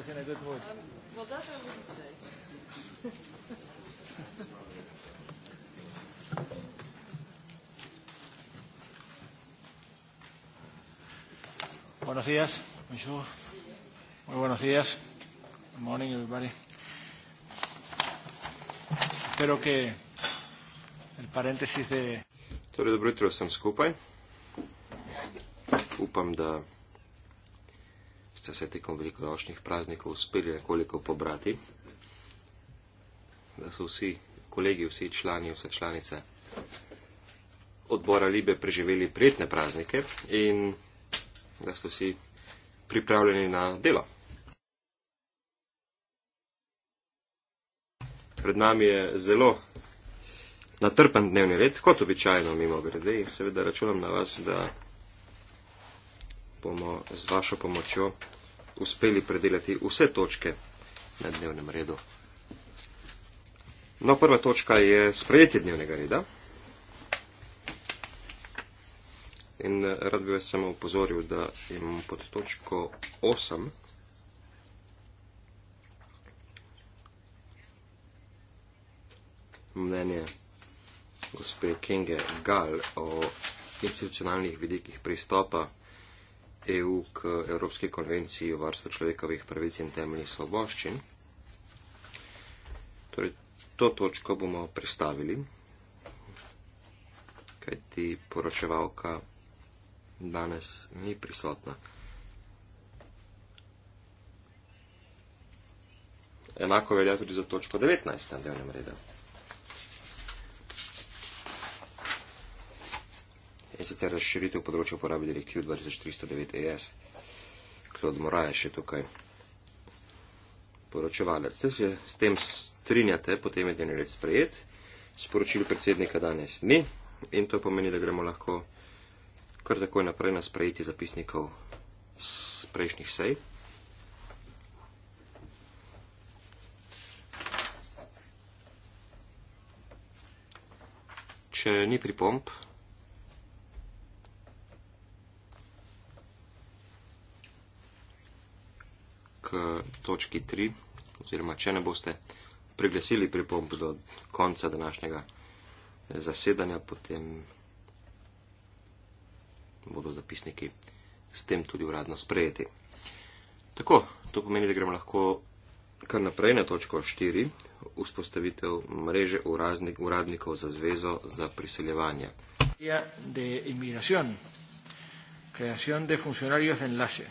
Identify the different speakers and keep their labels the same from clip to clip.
Speaker 1: was in a good mood. Um, well, that I wouldn't say. Buenos días, Bonjour. Muy buenos días. Good morning, everybody. Espero que el paréntesis de. Torej, dobro jutro vsem skupaj. Upam, da ste se tekom velikonočnih praznikov uspeli nekoliko pobrati, da so vsi kolegi, vsi člani, vse članice odbora Libe preživeli prijetne praznike in da ste vsi pripravljeni na delo. Pred nami je zelo natrpen dnevni red, kot običajno mimo grede in seveda računam na vas, da bomo z vašo pomočjo uspeli predelati vse točke na dnevnem redu. No, prva točka je sprejetje dnevnega reda. In eh, rad bi vas samo upozoril, da imamo pod točko 8 mnenje gospe Kenge Gal o institucionalnih vidikih pristopa EU k Evropski konvenciji o varstvu človekovih pravic in temeljnih svoboščin. Torej, to točko bomo predstavili, kajti poročevalka danes ni prisotna. Enako velja tudi za točko 19 na dnevnem redu. in sicer razširitev področja uporabe direktiv 2309ES. E Klod Mora je še tukaj poročevalec. Če se s tem strinjate, potem je dnevni red sprejet. Sporočilo predsednika danes ni in to pomeni, da gremo lahko kar takoj naprej na sprejetje zapisnikov z prejšnjih sej. Če ni pripomp, točki 3, oziroma če ne boste priglasili pripomb do konca današnjega eh, zasedanja, potem bodo zapisniki s tem tudi uradno sprejeti. Tako, to pomeni, da gremo lahko kar naprej na točko 4, vzpostavitev mreže uradnik, uradnikov za zvezo za priseljevanje. De Creación de funcionarios de enlace.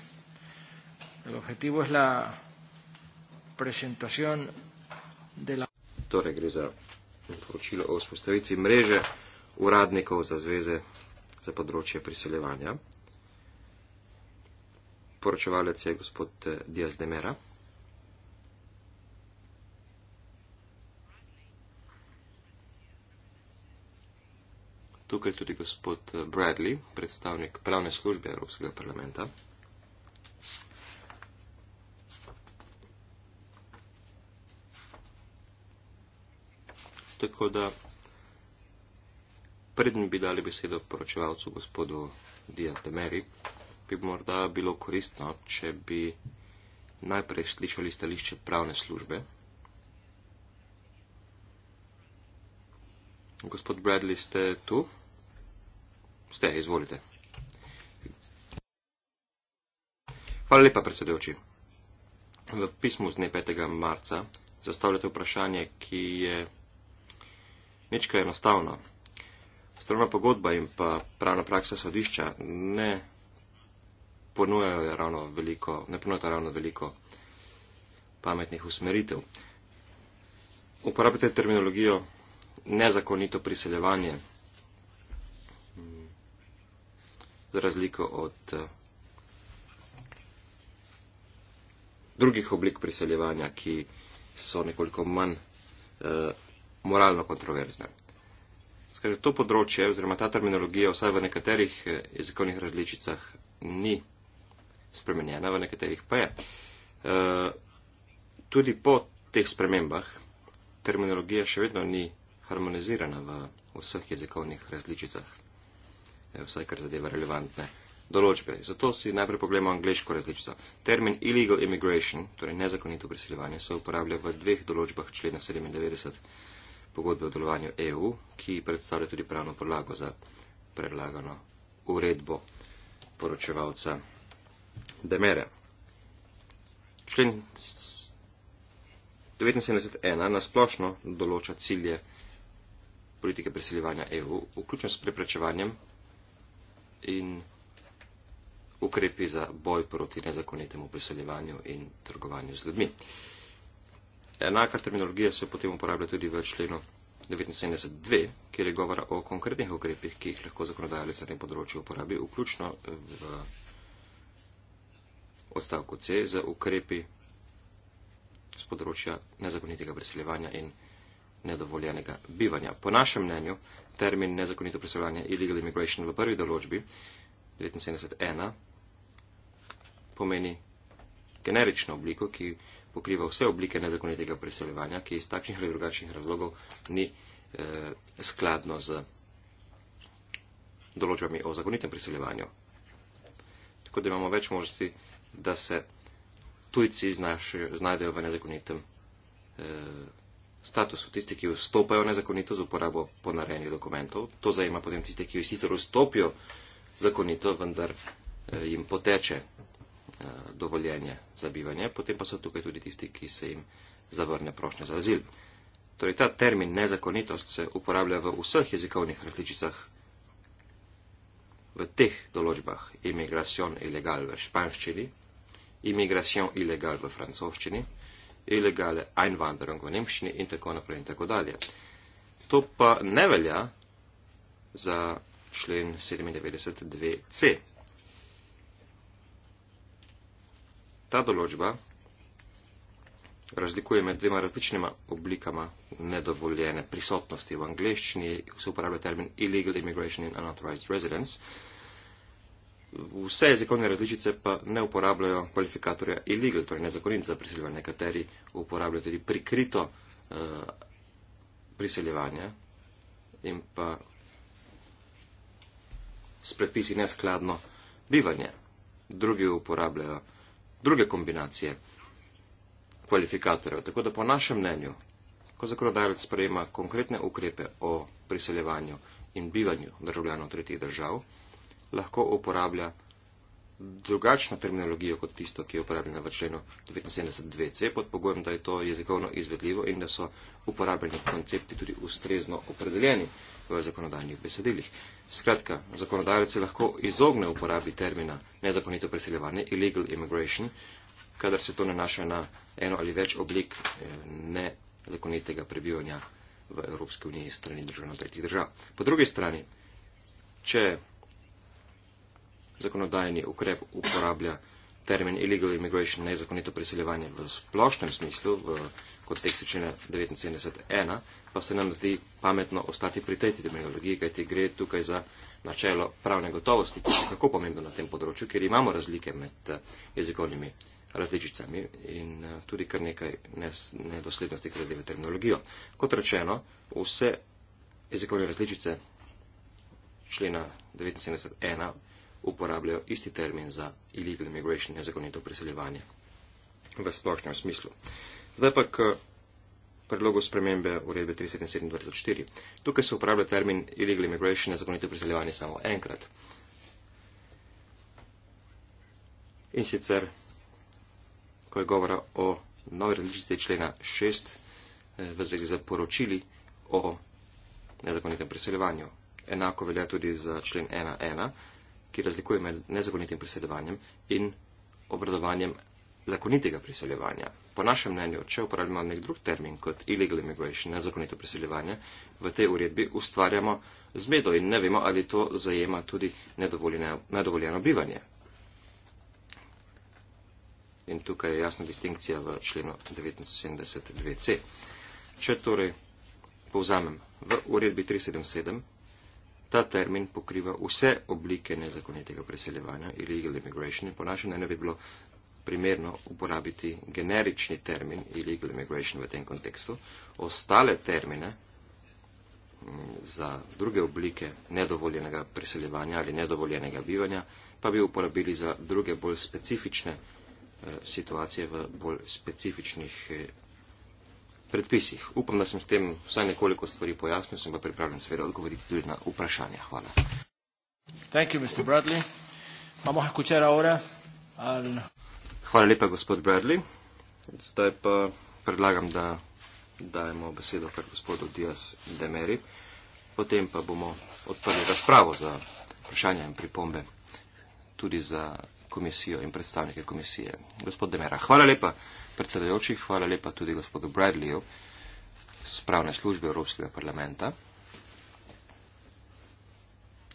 Speaker 1: El objetivo es la presentación de la. Torej, gre za poročilo o vzpostavitvi mreže uradnikov za zveze za področje priseljevanja. Poročevalec je gospod eh, Diaz de Mera. Tukaj tudi gospod eh, Bradley, predstavnik pravne službe Evropskega parlamenta. tako da predn bi dali besedo poročevalcu gospodu Diatemeri, bi morda bilo koristno, če bi najprej slišali stališče pravne službe. Gospod Bradley, ste tu? Ste, izvolite. Hvala lepa, predsedujoči. V pismu z dne 5. marca zastavljate vprašanje, ki je nečka enostavno. Strana pogodba in pa pravna praksa sodišča ne ponujajo ravno veliko, ne ponujata ravno veliko pametnih usmeritev. Uporabite terminologijo nezakonito priseljevanje mm, za razliko od eh, drugih oblik priseljevanja, ki so nekoliko manj eh, moralno kontroverzne. Skratka, to področje oziroma ta terminologija vsaj v nekaterih eh, jezikovnih različicah ni spremenjena, v nekaterih pa je. E, tudi po teh spremembah terminologija še vedno ni harmonizirana v vseh jezikovnih različicah, e, vsaj kar zadeva relevantne določbe. Zato si najprej pogledamo angliško različico. Termin illegal immigration, torej nezakonito priseljevanje, se uporablja v dveh določbah člena 97 pogodbe o delovanju EU, ki predstavlja tudi pravno podlago za predlagano uredbo poročevalca Demere. Člen 79.1 nasplošno določa cilje politike preseljevanja EU, vključno s preprečevanjem in ukrepi za boj proti nezakonitemu preseljevanju in trgovanju z ljudmi. Enaka terminologija se potem uporablja tudi v členu 79.2, kjer je govora o konkretnih ukrepih, ki jih lahko zakonodajalec na tem področju uporabi, vključno v odstavku C z ukrepi z področja nezakonitega preseljevanja in nedovoljenega bivanja. Po našem mnenju termin nezakonito preseljevanje illegal immigration v prvi določbi 79.1 pomeni generično obliko, ki pokriva vse oblike nezakonitega preseljevanja, ki iz takšnih ali drugačnih razlogov ni eh, skladno z določbami o zakonitem preseljevanju. Tako da imamo več možnosti, da se tujci znašajo, znajdejo v nezakonitem eh, statusu. Tisti, ki vstopajo nezakonito z uporabo ponarejenih dokumentov, to zajema potem tiste, ki sicer vstopijo zakonito, vendar eh, jim poteče Eh, dovoljenje za bivanje, potem pa so tukaj tudi tisti, ki se jim zavrne prošnja za azil. Torej, ta termin nezakonitost se uporablja v vseh jezikovnih različicah, v teh določbah imigracion ilegal v španščini, imigracion ilegal v francoščini, ilegale einwanderung v nemščini in tako naprej in tako dalje. To pa ne velja za člen 97.2c. ta določba razlikuje med dvema različnima oblikama nedovoljene prisotnosti. V angleščini se uporablja termin illegal immigration in unauthorized residence. Vse jezikovne različice pa ne uporabljajo kvalifikatorja illegal, torej nezakonit za priseljevanje. Nekateri uporabljajo tudi prikrito uh, priseljevanje in pa s predpisi neskladno bivanje. Drugi uporabljajo druge kombinacije kvalifikatorjev. Tako da po našem mnenju, ko zakonodajalec sprejema konkretne ukrepe o priseljevanju in bivanju državljanov tretjih držav, lahko uporablja drugačno terminologijo kot tisto, ki je uporabljena v členu 79.2c pod pogojem, da je to jezikovno izvedljivo in da so uporabljeni koncepti tudi ustrezno opredeljeni v zakonodajnih besedilih. Skratka, zakonodajalec se lahko izogne uporabi termina nezakonito preseljevanje, illegal immigration, kadar se to nanaša na eno ali več oblik eh, nezakonitega prebivanja v Evropski uniji strani državno tretjih držav. Po drugi strani, če zakonodajni ukrep uporablja termin illegal immigration, nezakonito preseljevanje v splošnem smislu, v kot teksičina 79.1, pa se nam zdi pametno ostati pri tej terminologiji, kaj ti gre tukaj za načelo pravne gotovosti, ki je kako pomembno na tem področju, ker imamo razlike med eh, jezikovnimi različicami in eh, tudi kar nekaj nedoslednosti, kar zadeva terminologijo. Kot rečeno, vse jezikovne različice člena 79.1 uporabljajo isti termin za illegal immigration, nezakonito priseljevanje v splošnem smislu. Zdaj pa k predlogu spremembe urebe 37.2004. Tukaj se uporablja termin illegal immigration, nezakonito priseljevanje samo enkrat. In sicer, ko je govora o novi različici člena 6 eh, v zvezi z poročili o nezakonitem priseljevanju. Enako velja tudi za člen 1.1, ki razlikuje med nezakonitim priseljevanjem in obradovanjem zakonitega priseljevanja. Po našem mnenju, če uporabljamo nek drug termin kot illegal immigration, nezakonito priseljevanje, v tej uredbi ustvarjamo zmedo in ne vemo, ali to zajema tudi nedovoljeno bivanje. In tukaj je jasna distinkcija v členu 1972.2c. Če torej povzamem, v uredbi 377 ta termin pokriva vse oblike nezakonitega preseljevanja ali illegal immigration in po našem mnenju bi bilo primerno uporabiti generični termin illegal immigration v tem kontekstu. Ostale termine mm, za druge oblike nedovoljenega priseljevanja ali nedovoljenega bivanja pa bi uporabili za druge bolj specifične eh, situacije v bolj specifičnih eh, predpisih. Upam, da sem s tem vsaj nekoliko stvari pojasnil, sem pa pripravljen seveda odgovoriti tudi na vprašanja. Hvala. Thank you, Mr. Bradley. Vamos a escuchar ahora al Hvala lepa, gospod Bradley. Zdaj pa predlagam, da dajemo besedo kar gospodu Dias Demeri. Potem pa bomo odprli razpravo za vprašanja in pripombe tudi za komisijo in predstavnike komisije. Gospod Demera, hvala lepa predsedajoči, hvala lepa tudi gospodu Bradleyju z pravne službe Evropskega parlamenta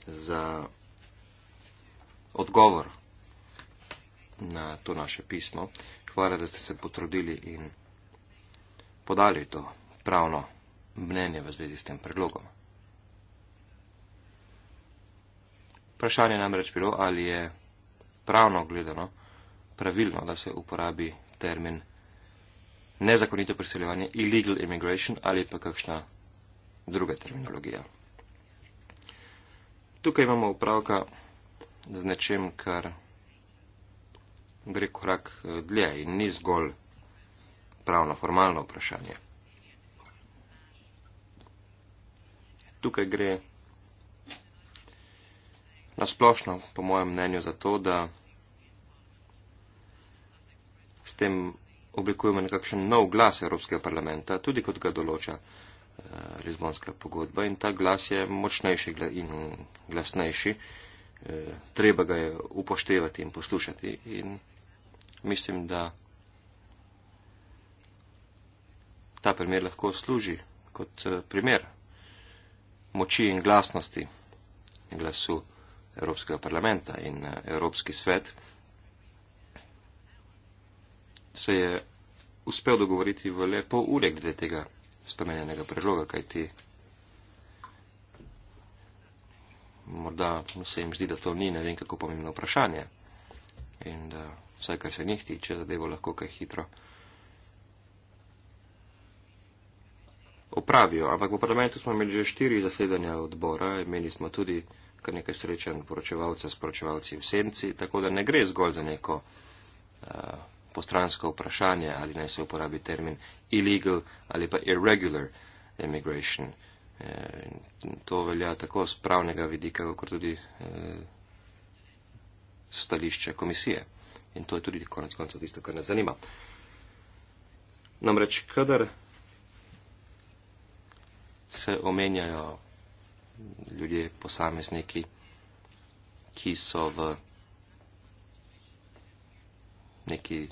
Speaker 1: za odgovor na to naše pismo. Hvala, da ste se potrudili in podali to pravno mnenje v zvezi s tem predlogom. Vprašanje namreč bilo, ali je pravno gledano pravilno, da se uporabi termin nezakonito priseljevanje, illegal immigration ali pa kakšna druga terminologija. Tukaj imamo upravka z nečem, kar gre korak eh, dlje in ni zgolj pravno-formalno vprašanje. Tukaj gre nasplošno, po mojem mnenju, za to, da s tem oblikujemo nekakšen nov glas Evropskega parlamenta, tudi kot ga določa eh, Lizbonska pogodba in ta glas je močnejši in glasnejši. Eh, treba ga je upoštevati in poslušati. In mislim, da ta primer lahko služi kot eh, primer moči in glasnosti glasu Evropskega parlamenta in eh, Evropski svet se je uspel dogovoriti v lepo ure glede tega spremenjenega predloga, kajti morda se jim zdi, da to ni ne vem kako pomembno vprašanje in da vsaj kar se njih tiče, zadevo lahko kaj hitro opravijo. Ampak v parlamentu smo imeli že štiri zasedanja odbora, imeli smo tudi kar nekaj srečen poročevalce s poročevalci v senci, tako da ne gre zgolj za neko uh, postransko vprašanje, ali naj se uporabi termin illegal ali pa irregular immigration. Uh, to velja tako z pravnega vidika, kot tudi. Uh, stališče komisije. In to je tudi konec koncev tisto, kar nas zanima. Namreč, kadar se omenjajo ljudje, posamezniki, ki so v neki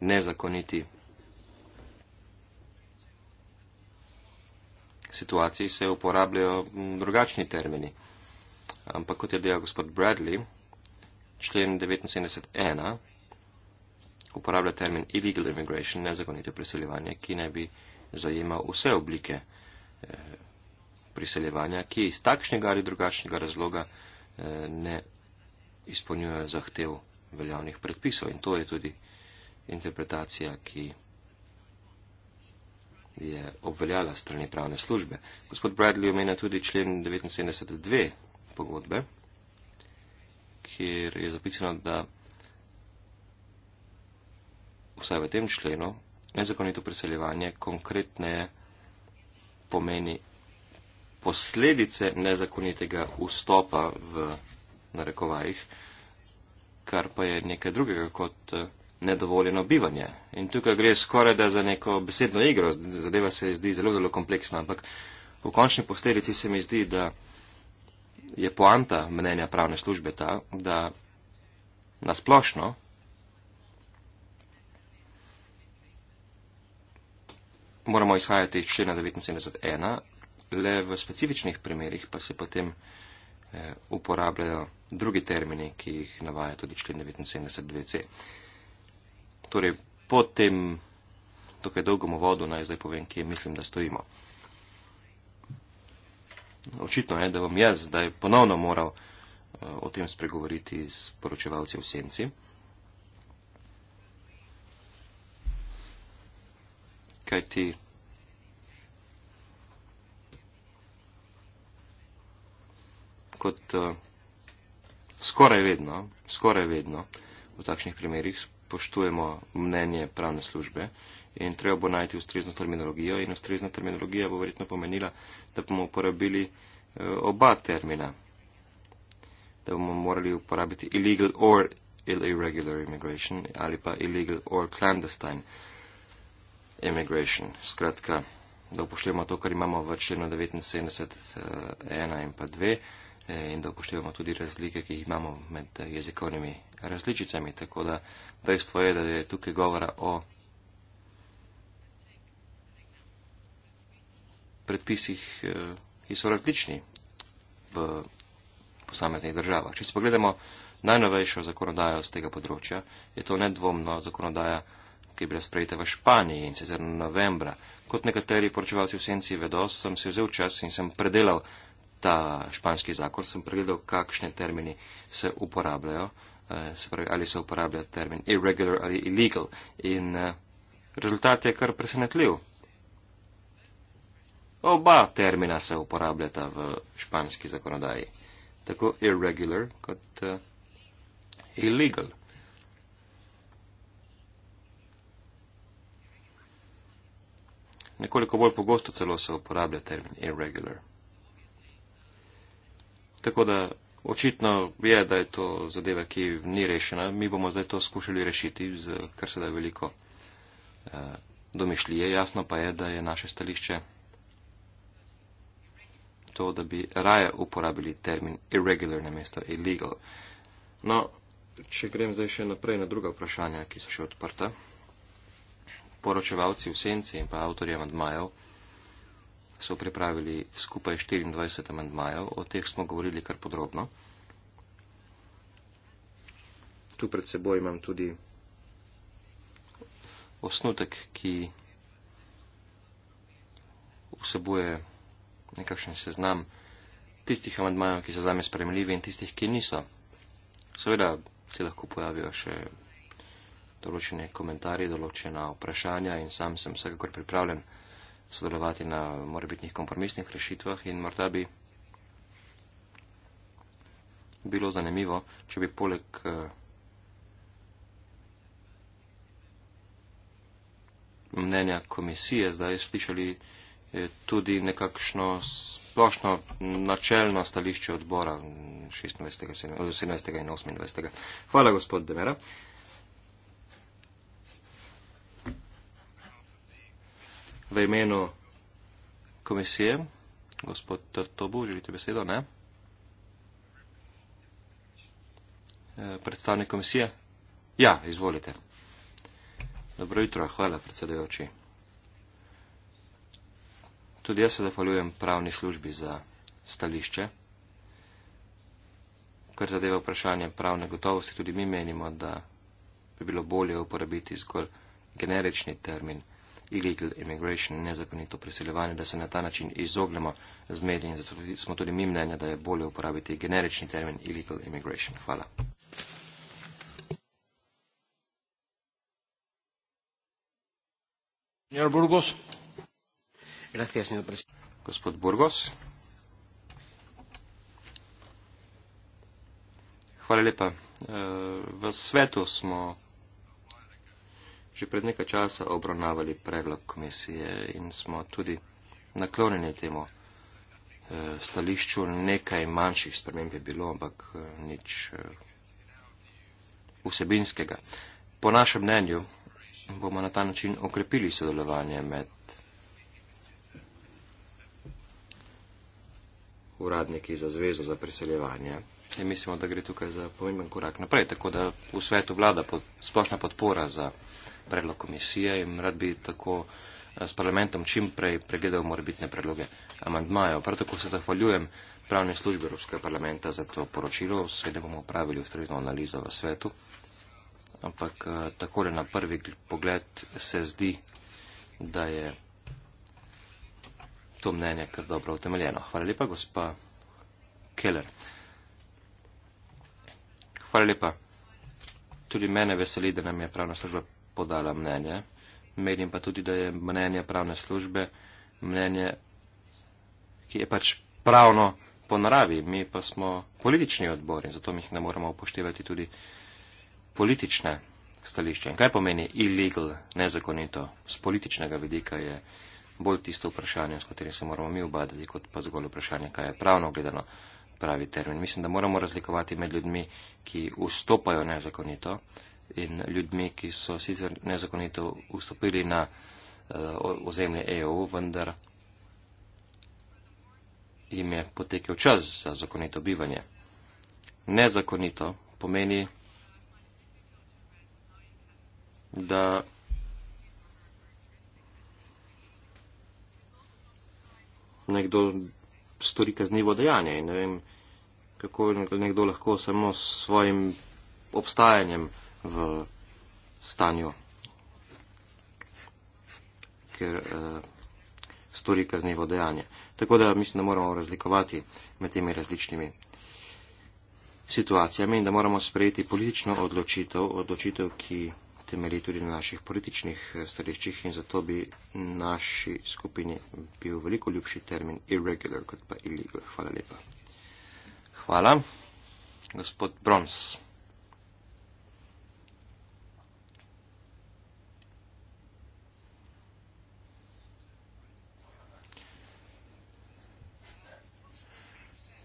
Speaker 1: nezakoniti situaciji, se uporabljajo drugačni termini. Ampak kot je dejal gospod Bradley, člen 79.1 uporablja termin illegal immigration, nezakonito priseljevanje, ki naj bi zajemal vse oblike eh, priseljevanja, ki iz takšnega ali drugačnega razloga eh, ne izpolnjujejo zahtev veljavnih predpisov. In to je tudi interpretacija, ki je obveljala strani pravne službe. Gospod Bradley omenja tudi člen 79.2 pogodbe kjer je zapisano, da vsaj v tem členu nezakonito priseljevanje konkretneje pomeni posledice nezakonitega vstopa v narekovajih, kar pa je nekaj drugega kot eh, nedovoljeno bivanje. In tukaj gre skoraj da za neko besedno igro, zadeva se zdi zelo, zelo kompleksna, ampak v končni posledici se mi zdi, da je poanta mnenja pravne službe ta, da nasplošno moramo izhajati iz člena 79.1, le v specifičnih primerjih pa se potem eh, uporabljajo drugi termini, ki jih navaja tudi člen 79.2c. Torej, po tem dokaj dolgom uvodu naj zdaj povem, kje mislim, da stojimo očitno je, da bom jaz zdaj ponovno moral eh, o tem spregovoriti s poročevalci v senci. Kaj ti? Kot uh, skoraj vedno, skoraj vedno v takšnih primerih spoštujemo mnenje pravne službe, uh, in treba bo najti ustrezno terminologijo in ustrezna terminologija bo verjetno pomenila, da bomo uporabili eh, oba termina, da bomo morali uporabiti illegal or irregular immigration ali pa illegal or clandestine immigration. Skratka, da upoštevamo to, kar imamo v členu 79, 1 eh, in pa 2 eh, in da upoštevamo tudi razlike, ki jih imamo med jezikovnimi različicami. Tako da dejstvo je, da je tukaj govora o predpisih, eh, ki so različni v posameznih državah. Če se pogledamo najnovejšo zakonodajo z tega področja, je to nedvomno zakonodaja, ki je bila sprejeta v Španiji in sicer novembra. Kot nekateri poročevalci v senci vedo, sem si vzel čas in sem predelal ta španski zakon, sem pregledal, kakšne termini se uporabljajo, eh, se pravi, ali se uporablja termin irregular ali illegal. In eh, rezultat je kar presenetljiv. Oba termina se uporabljata v španski zakonodaji, tako irregular kot uh, illegal. Nekoliko bolj pogosto celo se uporablja termin irregular. Tako da očitno je, da je to zadeva, ki ni rešena. Mi bomo zdaj to skušali rešiti, z kar se da veliko uh, domišljije. Jasno pa je, da je naše stališče to, da bi raje uporabili termin irregular namesto illegal. No, če grem zdaj še naprej na druga vprašanja, ki so še odprta. Poročevalci v senci in pa avtorji amandmajev so pripravili skupaj 24 amandmajev, o teh smo govorili kar podrobno. Tu pred seboj imam tudi osnutek, ki vsebuje nekakšen seznam tistih amadmajev, ki so zame spremljivi in tistih, ki niso. Seveda se lahko pojavijo še določene komentarje, določena vprašanja in sam sem vsekakor pripravljen sodelovati na morebitnih kompromisnih rešitvah in morda bi bilo zanimivo, če bi poleg eh, mnenja komisije zdaj slišali tudi nekakšno splošno načelno stališče odbora 17. Eh, in 28. Hvala, gospod Demera. V imenu komisije, gospod Tobu, želite besedo, ne? Eh, predstavnik komisije? Ja, izvolite. Dobro jutro, hvala predsedujoči. Tudi jaz se zahvaljujem pravni službi za stališče. Kar zadeva vprašanje pravne gotovosti, tudi mi menimo, da bi bilo bolje uporabiti zgolj generični termin illegal immigration, nezakonito priseljevanje, da se na ta način izognemo zmedenju. Zato smo tudi mi mnenja, da je bolje uporabiti generični termin illegal immigration. Hvala. Señor Burgos. Gracias, señor presidente. Gospod Burgos. Hvala lepa. Eh, v svetu smo že pred nekaj časa obravnavali predlog komisije in smo tudi naklonjeni temu eh, stališču. Nekaj manjših sprememb je bilo, ampak eh, nič vsebinskega. Po našem mnenju bomo na ta način okrepili sodelovanje med uradniki za zvezo za priseljevanje. In mislimo, da gre tukaj za pomemben korak naprej, tako da v svetu vlada pod, splošna podpora za predlog komisije in rad bi tako eh, s parlamentom čim prej pregledal morebitne predloge amandmajev. Prav tako se zahvaljujem pravne službe Evropskega parlamenta za to poročilo, seveda bomo upravili ustrezno analizo v svetu, ampak eh, takole na prvi pogled se zdi, da je to mnenje kar dobro utemeljeno. Hvala lepa, gospa Keller. Hvala lepa. Tudi mene veseli, da nam je pravna služba podala mnenje. Menim pa tudi, da je mnenje pravne službe mnenje, ki je pač pravno po naravi. Mi pa smo politični odbor in zato mi jih ne moramo upoštevati tudi politične stališče. In kaj pomeni illegal, nezakonito, z političnega vidika je bolj tisto vprašanje, s katerim se moramo mi obadati, kot pa zgolj vprašanje, kaj je pravno gledano pravi termin. Mislim, da moramo razlikovati med ljudmi, ki vstopajo nezakonito in ljudmi, ki so sicer nezakonito vstopili na uh, ozemlje EU, vendar jim je potekel čas za zakonito bivanje. Nezakonito pomeni, da nekdo stori kaznivo dejanje in ne vem, kako nekdo lahko samo s svojim obstajanjem v stanju, ker eh, stori kaznivo dejanje. Tako da mislim, da moramo razlikovati med temi različnimi situacijami in da moramo sprejeti politično odločitev, odločitev, ki temelji tudi na naših političnih eh, stališčih in zato bi naši skupini bil veliko ljubši termin irregular kot pa illegal. Hvala lepa. Hvala. Gospod Brons.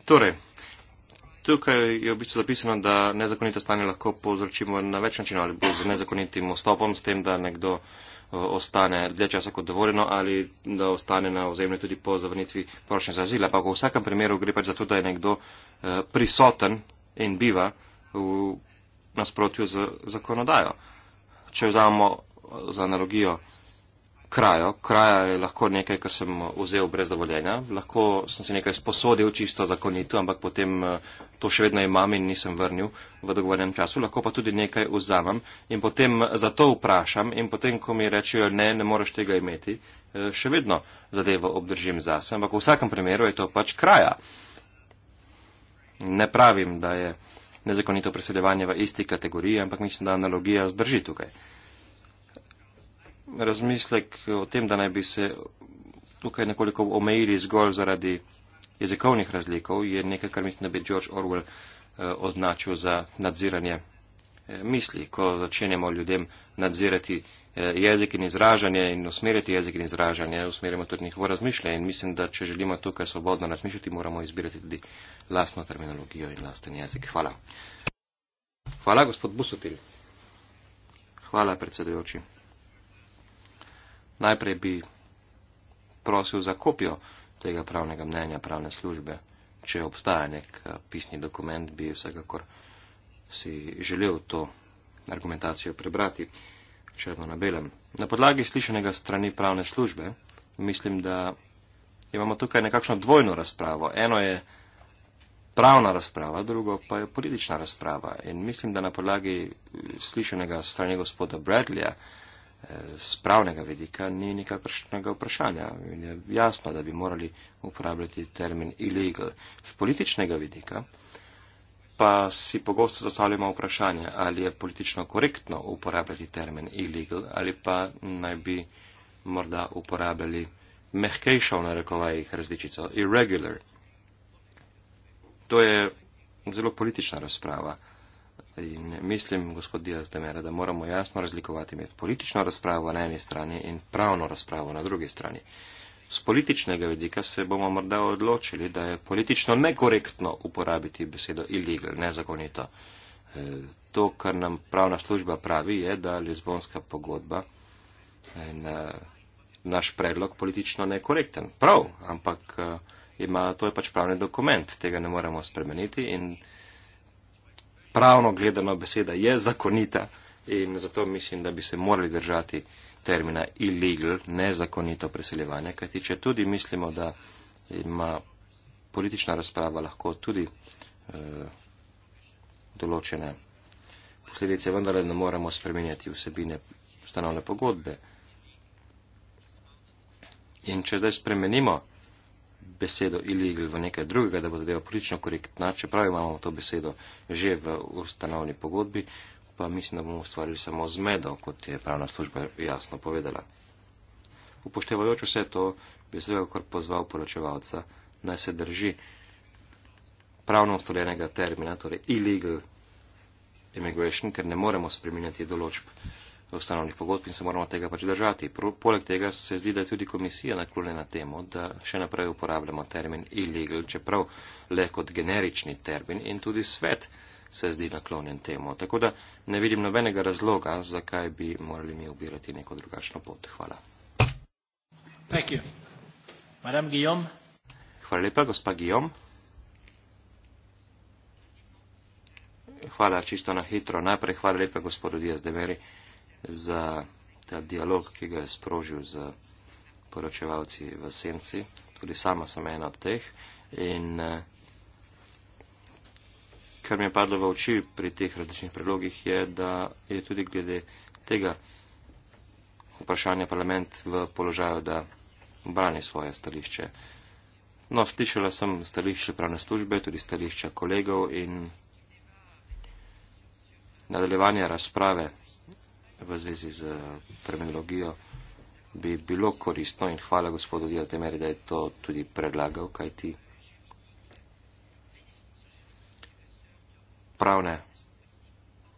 Speaker 1: Torej, tukaj je v bistvu zapisano, da nezakonito stanje lahko povzročimo na več načinov ali bolj z nezakonitim vstopom, s tem, da nekdo ostane dlje časa kot dovoljeno ali da ostane na ozemlju tudi po zavrnitvi prošnje za azil. Ampak v vsakem primeru gre pač za to, da je nekdo e, prisoten in biva v nasprotju z zakonodajo. Če vzamemo e, za analogijo krajo. Kraja je lahko nekaj, kar sem vzel brez dovoljenja. Lahko sem si nekaj sposodil čisto zakonito, ampak potem eh, to še vedno imam in nisem vrnil v dogovorjenem času. Lahko pa tudi nekaj vzamem in potem za to vprašam in potem, ko mi rečejo ne, ne moreš tega imeti, eh, še vedno zadevo obdržim zase. Ampak v vsakem primeru je to pač kraja. Ne pravim, da je nezakonito preseljevanje v isti kategoriji, ampak mislim, da analogija zdrži tukaj razmislek o tem, da naj bi se tukaj nekoliko omejili zgolj zaradi jezikovnih razlikov, je nekaj, kar mislim, da bi George Orwell eh, označil za nadziranje eh, misli, ko začenjamo ljudem nadzirati eh, jezik in izražanje in usmeriti jezik in izražanje, usmerimo tudi njihovo razmišljanje in mislim, da če želimo tukaj svobodno razmišljati, moramo izbirati tudi lastno terminologijo in lasten jezik. Hvala. Hvala, gospod Busotil. Hvala, predsedujoči. Najprej bi prosil za kopijo tega pravnega mnenja pravne službe. Če obstaja nek eh, pisni dokument, bi vsekakor si želel to argumentacijo prebrati črno na belem. Na podlagi slišanega strani pravne službe mislim, da imamo tukaj nekakšno dvojno razpravo. Eno je pravna razprava, drugo pa je politična razprava. In mislim, da na podlagi eh, slišanega strani gospoda Bradleya, z pravnega vidika ni nikakršnega vprašanja in je jasno, da bi morali uporabljati termin illegal. Z političnega vidika pa si pogosto zastavljamo vprašanje, ali je politično korektno uporabljati termin illegal ali pa naj bi morda uporabljali mehkejšo v narekovajih različico, irregular. To je zelo politična razprava. In mislim, gospod Diaz de Mera, da moramo jasno razlikovati med politično razpravo na eni strani in pravno razpravo na drugi strani. Z političnega vidika se bomo morda odločili, da je politično nekorektno uporabiti besedo illegal, nezakonito. E, to, kar nam pravna služba pravi, je, da Lizbonska pogodba in e, naš predlog politično nekorekten. Prav, ampak e, ima, to je pač pravni dokument, tega ne moremo spremeniti in pravno gledano beseda je zakonita in zato mislim, da bi se morali držati termina illegal, nezakonito preseljevanje, kajti če tudi mislimo, da ima politična razprava lahko tudi eh, določene posledice, vendar ne moremo spremenjati vsebine ustanovne pogodbe. In če zdaj spremenimo, besedo illegal v nekaj drugega, da bo zadeva politično korektna, čeprav imamo to besedo že v ustanovni pogodbi, pa mislim, da bomo ustvarili samo zmedo, kot je pravna služba jasno povedala. Upoštevajoč vse to, bi se kar pozval poročevalca, naj se drži pravno ustvarjenega termina, torej illegal immigration, ker ne moremo spreminjati določb ustanovnih pogodb in se moramo tega pač držati. Poleg tega se zdi, da je tudi komisija naklonjena temu, da še naprej uporabljamo termin illegal, čeprav le kot generični termin in tudi svet se zdi naklonjen temu. Tako da ne vidim nobenega razloga, zakaj bi morali mi ubirati neko drugačno pot. Hvala.
Speaker 2: Thank you. Madame Guillaume.
Speaker 1: Hvala lepa, gospa Gijom. Hvala čisto na hitro. Najprej hvala lepa, gospodu Diaz de Veri. Uh, za ta dialog, ki ga je sprožil z poročevalci v Senci. Tudi sama sem ena od teh. In eh, kar mi je padlo v oči pri teh različnih predlogih, je, da je tudi glede tega vprašanja parlament v položaju, da brani svoje stališče. No, slišala sem stališče pravne službe, tudi stališča kolegov in nadaljevanje razprave v zvezi z terminologijo, bi bilo koristno in hvala gospodu Diotemeri, da je to tudi predlagal, kaj ti pravne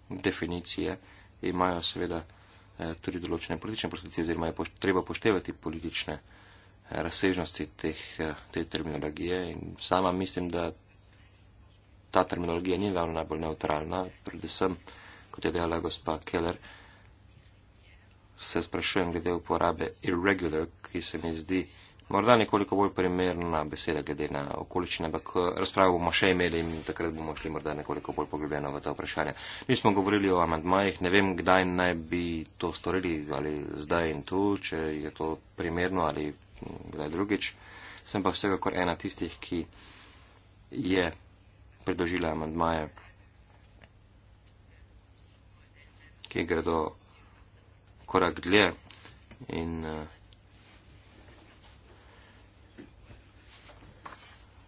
Speaker 1: definicije imajo seveda eh, tudi določene politične perspektive, oziroma je pošt, treba poštevati politične eh, razsežnosti teh, eh, te terminologije in sama mislim, da ta terminologija ni ravno najbolj neutralna, predvsem, kot je dejala gospa Keller, eh, se sprašujem glede uporabe irregular, ki se mi zdi morda nekoliko bolj primerna beseda glede na okoličine, ampak eh, razpravo bomo še imeli in takrat bomo šli morda nekoliko bolj poglobljeno v ta vprašanja. Mi smo govorili o amandmajih, ne vem, kdaj naj bi to storili, ali zdaj in tu, če je to primerno ali mm, kdaj drugič. Sem pa vsekakor ena tistih, ki je predložila amandmaje, ki gredo korak dlje in eh,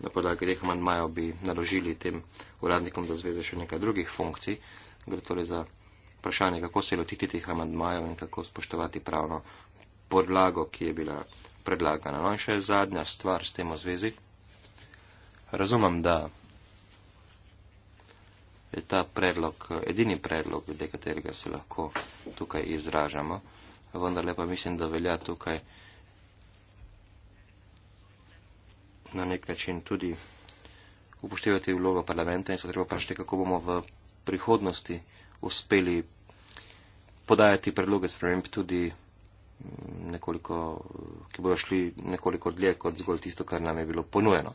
Speaker 1: na podlagi teh manjmajev bi naložili tem uradnikom za zveze še nekaj drugih funkcij. Gre torej za vprašanje, kako se lotiti teh manjmajev in kako spoštovati pravno podlago, ki je bila predlagana. No in še zadnja stvar s tem v zvezi. Razumem, da je ta predlog edini predlog, glede katerega se lahko tukaj izražamo. Vendar lepa mislim, da velja tukaj na nek način tudi upoštevati vlogo parlamenta in se treba vprašati, kako bomo v prihodnosti uspeli podajati predloge sprememb tudi mm, nekoliko, ki bojo šli nekoliko dlje kot zgolj tisto, kar nam je bilo ponujeno.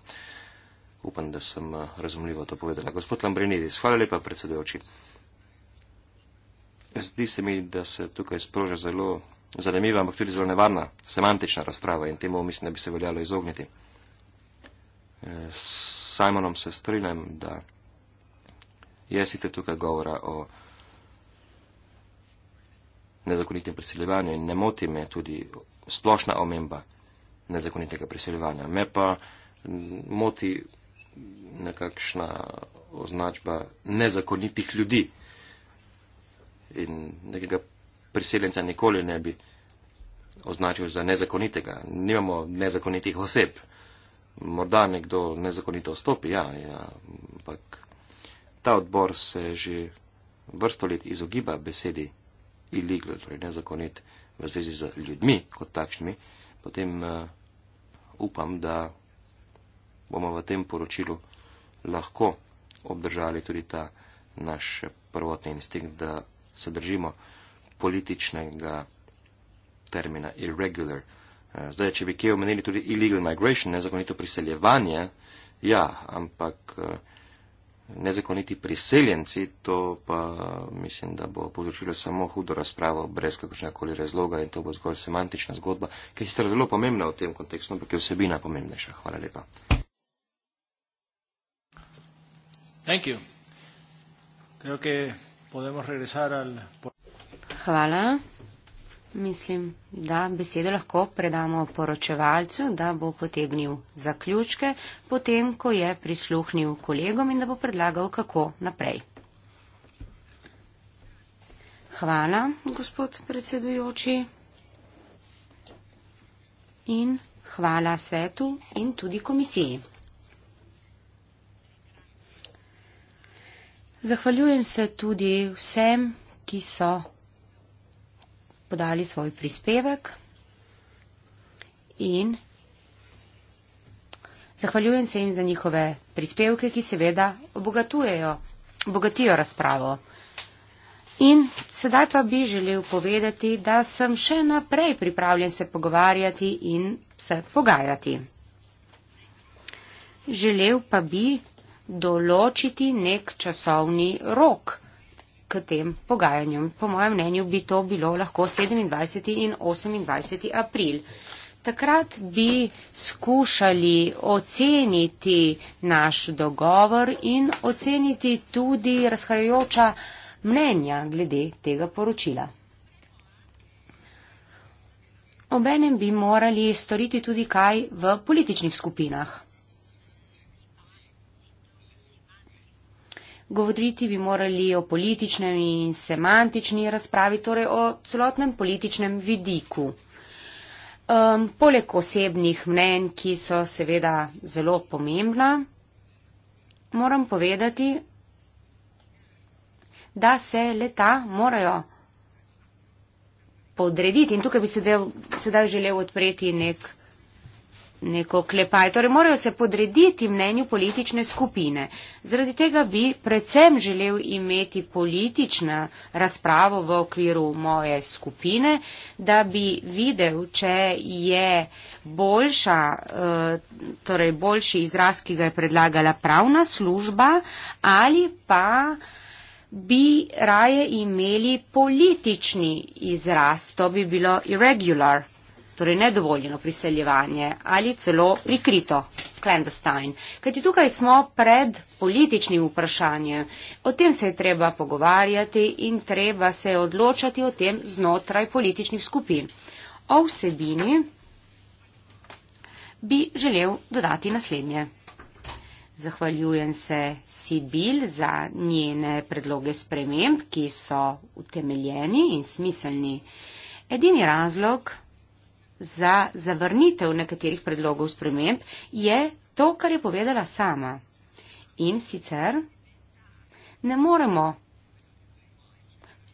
Speaker 1: Upam, da sem eh, razumljivo to povedala. Gospod Lambrinidis, hvala lepa, predsedujoči. Zdi se mi, da se tukaj sproža zelo zanimiva, ampak tudi zelo nevarna semantična razprava in temu mislim, da bi se veljalo izogniti. Eh, s Simonom se strinjam, da je sicer tukaj govora o nezakonitem priseljevanju in ne moti me tudi splošna omemba nezakonitega priseljevanja. Me pa moti nekakšna označba nezakonitih ljudi. In nekega priseljenca nikoli ne bi označil za nezakonitega. Nimamo nezakonitih oseb. Morda nekdo nezakonito vstopi, ja, ja, ampak ta odbor se že vrsto let izogiba besedi illegal, torej nezakonit, v zvezi z ljudmi kot takšnimi, potem uh, upam, da bomo v tem poročilu lahko obdržali tudi ta naš prvotni instinkt, da se držimo političnega termina irregular. Eh, zdaj, če bi kje omenili tudi illegal migration, nezakonito priseljevanje, ja, ampak eh, nezakoniti priseljenci, to pa mislim, da bo povzročilo samo hudo razpravo brez kakršnakoli razloga in to bo zgolj semantična zgodba, ki je sicer zelo pomembna v tem kontekstu, ampak je vsebina pomembnejša. Hvala lepa. Thank you. Creo que
Speaker 2: podemos regresar al. Hvala. Mislim, da besedo lahko predamo poročevalcu, da bo potegnil zaključke, potem, ko je prisluhnil kolegom in da bo predlagal, kako naprej. Hvala, gospod predsedujoči. In hvala svetu in tudi komisiji. Zahvaljujem se tudi vsem, ki so podali svoj prispevek in zahvaljujem se jim za njihove prispevke, ki seveda obogatujejo, obogatijo razpravo. In sedaj pa bi želel povedati, da sem še naprej pripravljen se pogovarjati in se pogajati. Želel pa bi določiti nek časovni rok k tem pogajanjem. Po mojem mnenju bi to bilo lahko 27. in 28. april. Takrat bi skušali oceniti naš dogovor in oceniti tudi razhajajoča mnenja glede tega poročila. Obenem bi morali storiti tudi kaj v političnih skupinah. Govoriti bi morali o političnem in semantični razpravi, torej o celotnem političnem vidiku. Um, poleg osebnih mnen, ki so seveda zelo pomembna, moram povedati, da se leta morajo podrediti in tukaj bi se sedaj želel odpreti nek neko klepaj, torej morajo se podrediti mnenju politične skupine. Zaradi tega bi predvsem želel imeti politično razpravo v okviru moje skupine, da bi videl, če je boljša, eh, torej boljši izraz, ki ga je predlagala pravna služba ali pa bi raje imeli politični izraz, to bi bilo irregular torej nedovoljeno priseljevanje ali celo prikrito clandestine. Kajti tukaj smo pred političnim vprašanjem. O tem se je treba pogovarjati in treba se odločati o tem znotraj političnih skupin. O vsebini bi želel dodati naslednje. Zahvaljujem se Sibil za njene predloge sprememb, ki so utemeljeni in smiselni. Edini razlog za zavrnitev nekaterih predlogov sprememb, je to, kar je povedala sama. In sicer ne moremo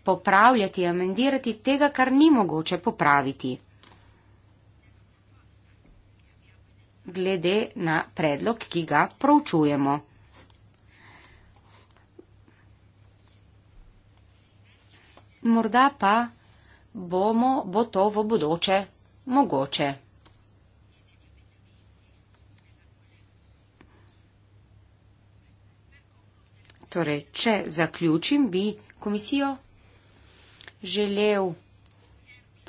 Speaker 2: popravljati, amendirati tega, kar ni mogoče popraviti. glede na predlog, ki ga proučujemo. Morda pa bomo, bo to v bodoče mogoče. Torej, če zaključim, bi komisijo želel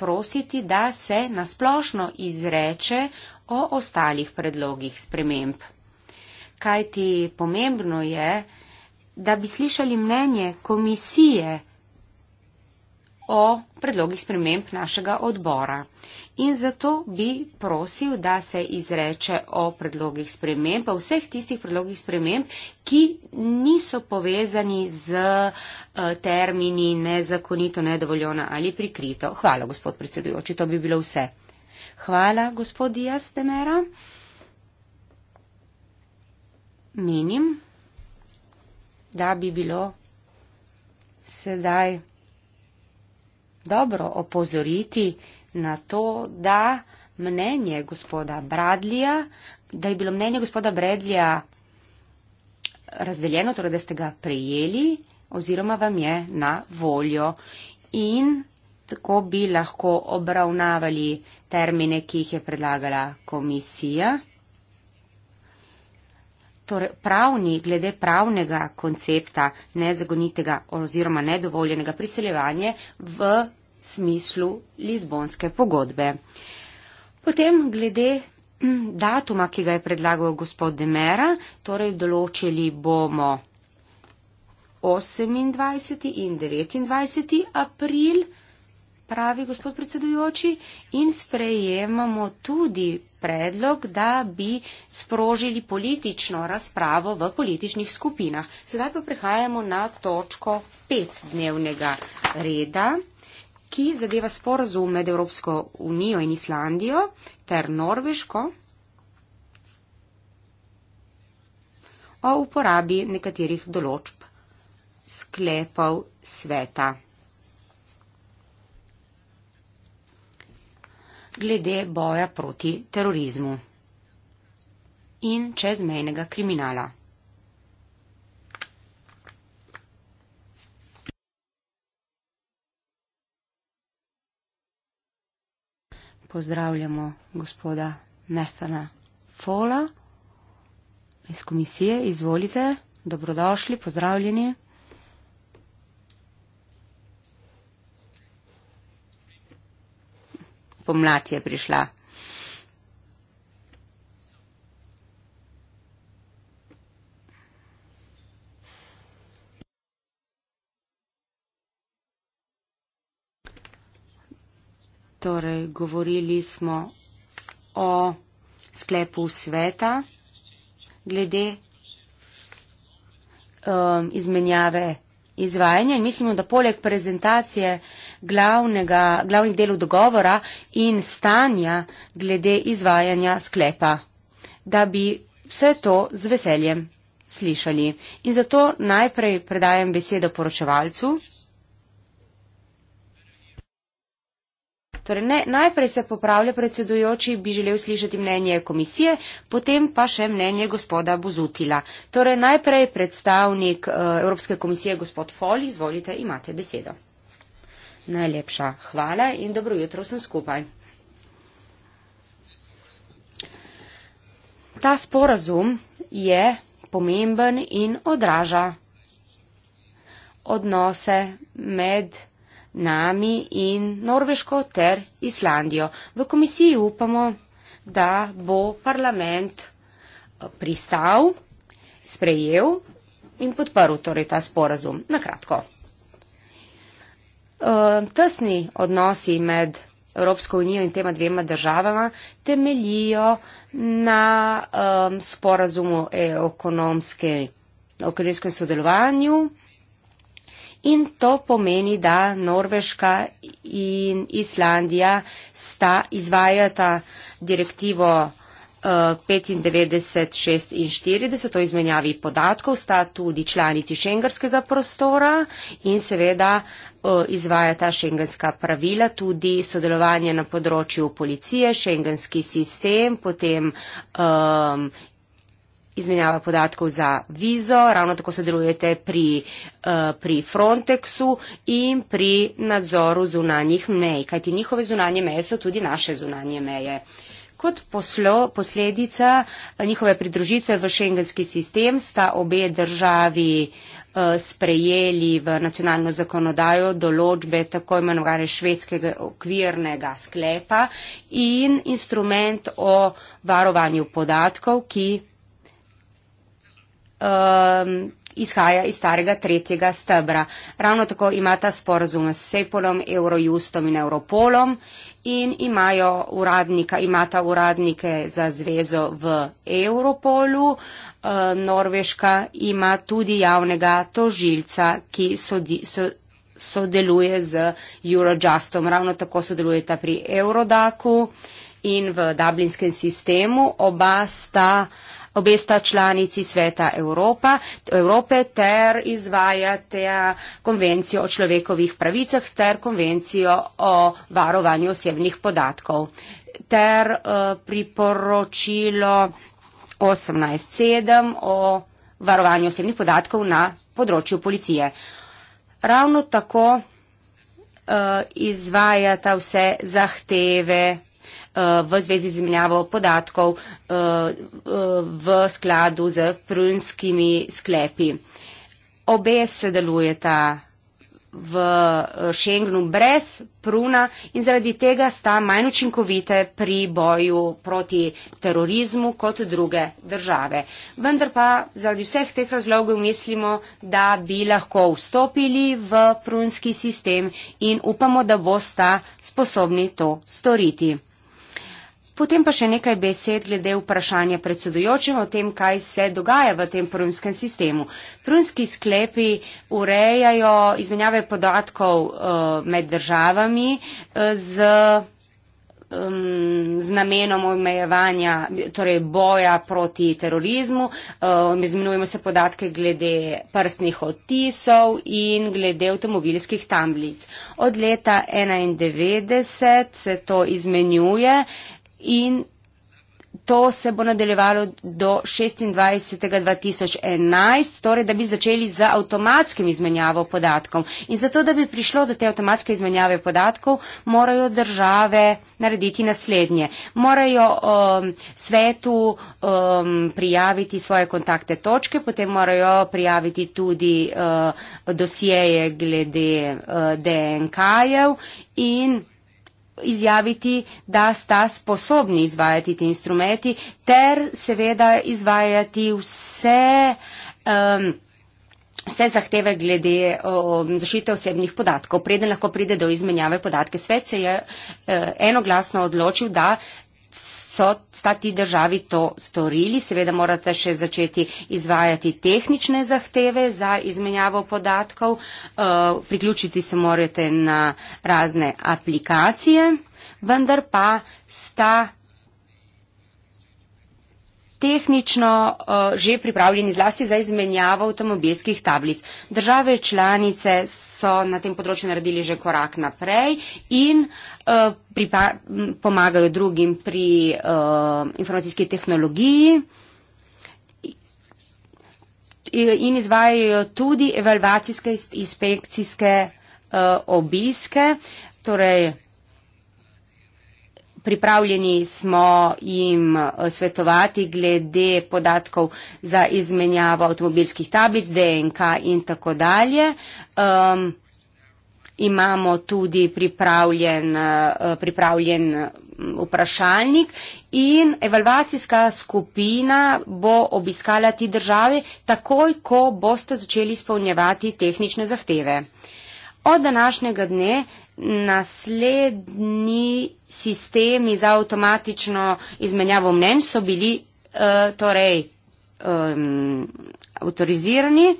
Speaker 2: prositi, da se nasplošno izreče o ostalih predlogih sprememb. Kaj ti pomembno je, da bi slišali mnenje komisije o predlogih sprememb našega odbora in zato bi prosil, da se izreče o predlogih sprememb, o vseh tistih predlogih sprememb, ki niso povezani z eh, termini nezakonito, nedovoljeno ali prikrito. Hvala, gospod predsedujoči, to bi bilo vse. Hvala, gospod Dias Demera. Menim, da bi bilo sedaj dobro opozoriti, na to, da mnenje gospoda Bradlija, da je bilo mnenje gospoda Bradlija razdeljeno, torej da ste ga prejeli oziroma vam je na voljo. In tako bi lahko obravnavali termine, ki jih je predlagala komisija. Torej, pravni, glede pravnega koncepta nezagonitega oziroma nedovoljenega priseljevanja v smislu Lizbonske pogodbe. Potem glede hm, datuma, ki ga je predlagal gospod Demera, torej določili bomo 28. in 29. april, pravi gospod predsedujoči, in sprejemamo tudi predlog, da bi sprožili politično razpravo v političnih skupinah. Sedaj pa prehajamo na točko 5 dnevnega reda ki zadeva sporozum med Evropsko unijo in Islandijo ter Norveško o uporabi nekaterih določb sklepov sveta. glede boja proti terorizmu in čezmejnega kriminala. pozdravljamo gospoda Nathana Fola iz komisije. Izvolite, dobrodošli, pozdravljeni. Pomlad je prišla. Torej, govorili smo o sklepu sveta glede um, izmenjave izvajanja in mislimo, da poleg prezentacije glavnega, glavnih delov dogovora in stanja glede izvajanja sklepa, da bi vse to z veseljem slišali. In zato najprej predajam besedo poročevalcu. Torej, ne, najprej se popravlja predsedujoči, bi želel slišati mnenje komisije, potem pa še mnenje gospoda Bozutila. Torej, najprej predstavnik uh, Evropske komisije, gospod Foli, izvolite, imate besedo. Najlepša hvala in dobro jutro vsem skupaj. Ta sporazum je pomemben in odraža odnose med nami in Norveško ter Islandijo. V komisiji upamo, da bo parlament eh, pristal, sprejel in podprl torej ta sporazum. Na kratko. Eh, tesni odnosi med Evropsko unijo in tema dvema državama temelijo na um, sporazumu o ekonomskem sodelovanju in to pomeni, da Norveška in Islandija sta izvajata direktivo 95-46, eh, to izmenjavi podatkov, sta tudi članici šengerskega prostora in seveda eh, izvajata šengenska pravila, tudi sodelovanje na področju policije, šengenski sistem, potem um, izmenjava podatkov za vizo, ravno tako sodelujete pri, uh, pri Frontexu in pri nadzoru zunanjih mej, kajti njihove zunanje meje so tudi naše zunanje meje. Kot poslo, posledica eh, njihove pridružitve v šengenski sistem sta obe državi uh, sprejeli v nacionalno zakonodajo določbe tako imenovane švedskega okvirnega sklepa in instrument o varovanju podatkov, ki um, izhaja iz starega tretjega stebra. Ravno tako ima ta sporazum s Sepolom, Eurojustom in Europolom in imajo uradnika, imata uradnike za zvezo v Europolu. Uh, Norveška ima tudi javnega tožilca, ki sodi, so, sodeluje z Eurojustom. Ravno tako sodelujeta pri Eurodaku in v Dublinskem sistemu. Oba sta uh, obesta članici Sveta Evropa, Evrope ter izvajate konvencijo o človekovih pravicah ter konvencijo o varovanju osebnih podatkov ter uh, priporočilo 18.7 o varovanju osebnih podatkov na področju policije. Ravno tako uh, izvajata vse zahteve v zvezi z izmenjavo podatkov eh, v skladu z prunskimi sklepi. Obe sodelujeta v Schengenu brez pruna in zaradi tega sta manj učinkovite pri boju proti terorizmu kot druge države. Vendar pa zaradi vseh teh razlogov mislimo, da bi lahko vstopili v prunski sistem in upamo, da bosta sposobni to storiti. Potem pa še nekaj besed glede vprašanja predsedujočega o tem, kaj se dogaja v tem prunskem sistemu. Prunski sklepi urejajo izmenjave podatkov uh, med državami eh, z, um, z namenom omejevanja, torej boja proti terorizmu. Uh, eh, izmenujemo se podatke glede prstnih odtisov in glede avtomobilskih tamblic. Od leta 1991 se to izmenjuje in to se bo nadaljevalo do 26.2011, torej da bi začeli z avtomatskim izmenjavo podatkov. In zato, da bi prišlo do te avtomatske izmenjave podatkov, morajo države narediti naslednje. Morajo um, svetu um, prijaviti svoje kontakte točke, potem morajo prijaviti tudi uh, dosjeje glede uh, DNK-jev in izjaviti, da sta sposobni izvajati te instrumenti ter seveda izvajati vse, um, vse zahteve glede um, zašite osebnih podatkov. Preden lahko pride do izmenjave podatke, svet se je uh, enoglasno odločil, da so sta ti državi to storili. Seveda morate še začeti izvajati tehnične zahteve za izmenjavo podatkov, eh, priključiti se morate na razne aplikacije, vendar pa sta tehnično uh, že pripravljeni zlasti za izmenjavo avtomobilskih tablic. Države članice so na tem področju naredili že korak naprej in uh, pripa- pomagajo drugim pri uh, informacijski tehnologiji in izvajajo tudi evalvacijske inspekcijske uh, obiske. Torej, pripravljeni smo jim eh, svetovati glede podatkov za izmenjavo avtomobilskih tablic, DNK in tako dalje. Um, imamo tudi pripravljen, eh, pripravljen mm, vprašalnik in evalvacijska skupina bo obiskala ti države takoj, ko boste začeli izpolnjevati tehnične zahteve. Od današnjega dne naslednji sistemi za avtomatično izmenjavo mnenj so bili uh, torej um, avtorizirani. Uh,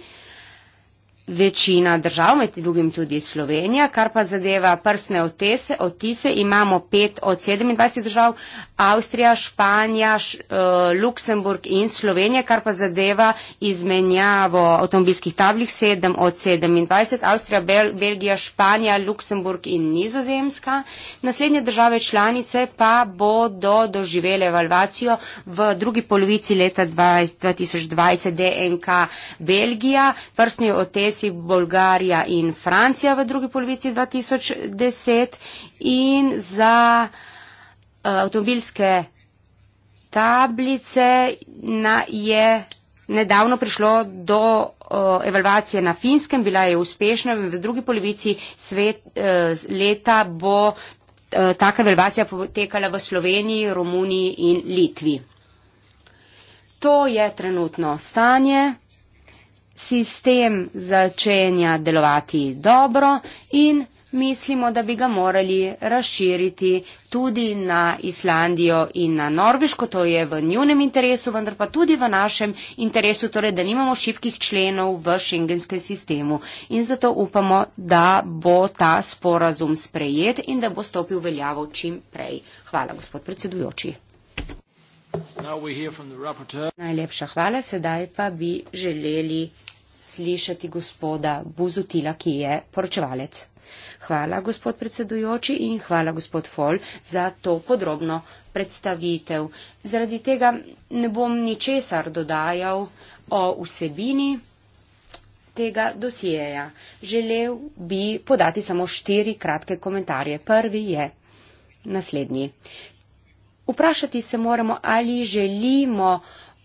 Speaker 2: večina držav, med drugim tudi Slovenija, kar pa zadeva prstne otese, otise, imamo pet od 27 držav, Avstrija, Španija, š, e, Luksemburg in Slovenija, kar pa zadeva izmenjavo avtomobilskih tablih, sedem od 27, Avstrija, Bel, Belgija, Španija, Luksemburg in Nizozemska. Naslednje države članice pa bodo doživele evalvacijo v drugi polovici leta 20, 2020 DNK Belgija, prstni otese, kongresi Bolgarija in Francija v drugi polovici 2010 in za uh, avtomobilske tablice na, je nedavno prišlo do uh, evalvacije na finskem, bila je uspešna in v drugi polovici svet, uh, leta bo uh, taka evalvacija potekala v Sloveniji, Romuniji in Litvi. To je trenutno stanje sistem začenja delovati dobro in mislimo, da bi ga morali razširiti tudi na Islandijo in na Norveško. To je v njunem interesu, vendar pa tudi v našem interesu, torej da nimamo šibkih členov v šengenskem sistemu. In zato upamo, da bo ta sporazum sprejet in da bo stopil veljavo čim prej. Hvala, gospod predsedujoči. Najlepša hvala, sedaj pa bi želeli slišati gospoda Buzutila, ki je poročevalec. Hvala, gospod predsedujoči, in hvala, gospod Fol, za to podrobno predstavitev. Zaradi tega ne bom ničesar dodajal o vsebini tega dosijeja. Želel bi podati samo štiri kratke komentarje. Prvi je naslednji. Vprašati se moramo, ali želimo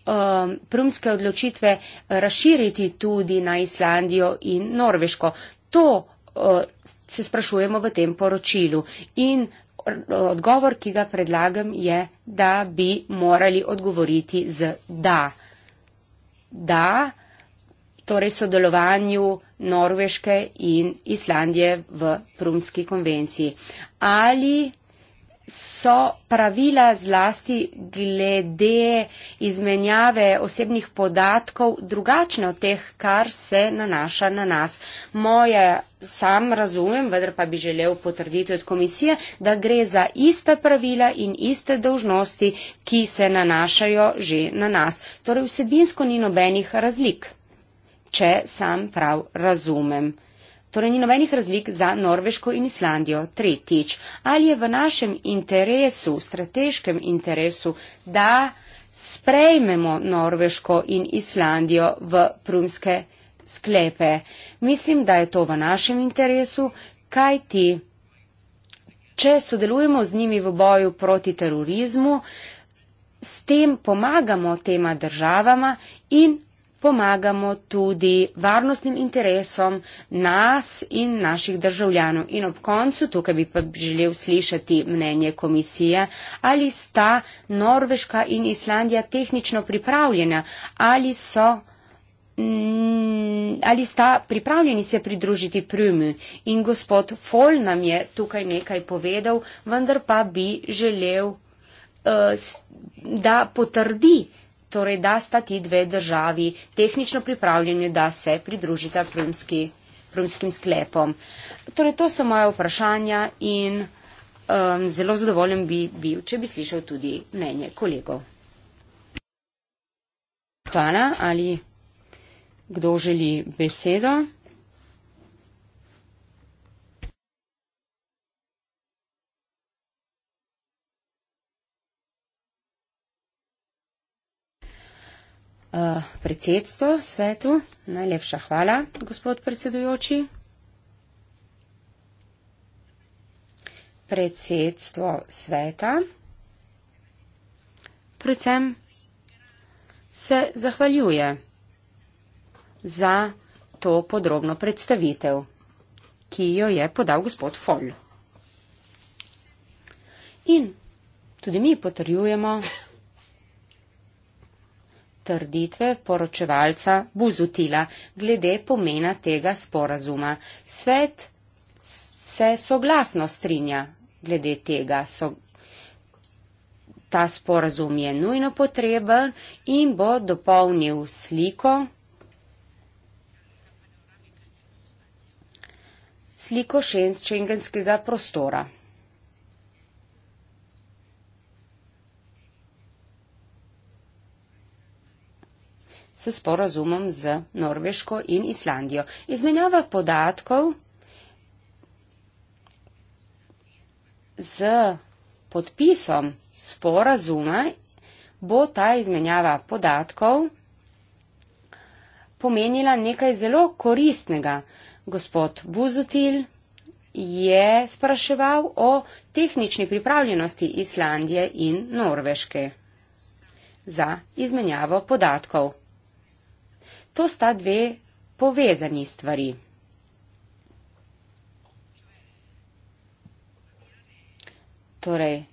Speaker 2: um, prumske odločitve eh, razširiti tudi na Islandijo in Norveško. To uh, se sprašujemo v tem poročilu. In odgovor, ki ga predlagam, je, da bi morali odgovoriti z da. Da, torej sodelovanju Norveške in Islandije v prumski konvenciji. Ali so pravila zlasti glede izmenjave osebnih podatkov drugačne od teh, kar se nanaša na nas. Moje sam razumem, vendar pa bi želel potrditi od komisije, da gre za ista pravila in iste dožnosti, ki se nanašajo že na nas. Torej vsebinsko ni nobenih razlik, če sam prav razumem torej ni nobenih razlik za Norveško in Islandijo. Tretjič, ali je v našem interesu, strateškem interesu, da sprejmemo Norveško in Islandijo v prumske sklepe? Mislim, da je to v našem interesu, kaj ti, če sodelujemo z njimi v boju proti terorizmu, S tem pomagamo tema državama in pomagamo tudi varnostnim interesom nas in naših državljanov. In ob koncu, tukaj bi pa želel slišati mnenje komisije, ali sta Norveška in Islandija tehnično pripravljena, ali so. Mm, ali sta pripravljeni se pridružiti prvi? In gospod Fol nam je tukaj nekaj povedal, vendar pa bi želel, uh, da potrdi uh, torej da sta ti dve državi tehnično pripravljeni, da se pridružita prumski, prumskim sklepom. Torej, to so moje vprašanja in um, zelo zadovoljen bi bil, če bi slišal tudi mnenje kolegov. Hvala. Ali kdo želi besedo? uh, predsedstvo, svetu. Najlepša hvala, gospod predsedujoči. Predsedstvo sveta. Predvsem se zahvaljuje za to podrobno predstavitev, ki jo je podal gospod Foll. In tudi mi potrjujemo trditve poročevalca Buzutila glede pomena tega sporazuma. Svet se soglasno strinja glede tega. So, ta sporazum je nujno potreben in bo dopolnil sliko. sliko šengenskega prostora. s sporazumom z Norveško in Islandijo. Izmenjava podatkov z podpisom sporazuma bo ta izmenjava podatkov pomenila nekaj zelo koristnega. Gospod Buzutil je spraševal o tehnični pripravljenosti Islandije in Norveške za izmenjavo podatkov. To sta dve povezani stvari. Torej,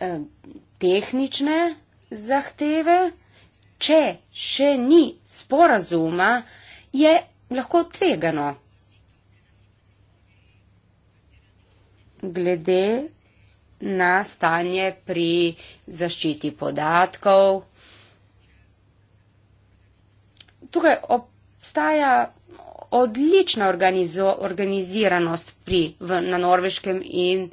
Speaker 2: eh, tehnične zahteve, če še ni sporazuma, je lahko tvegano. Glede na stanje pri zaščiti podatkov, tukaj obstaja odlična organiziranost pri, v, na Norveškem in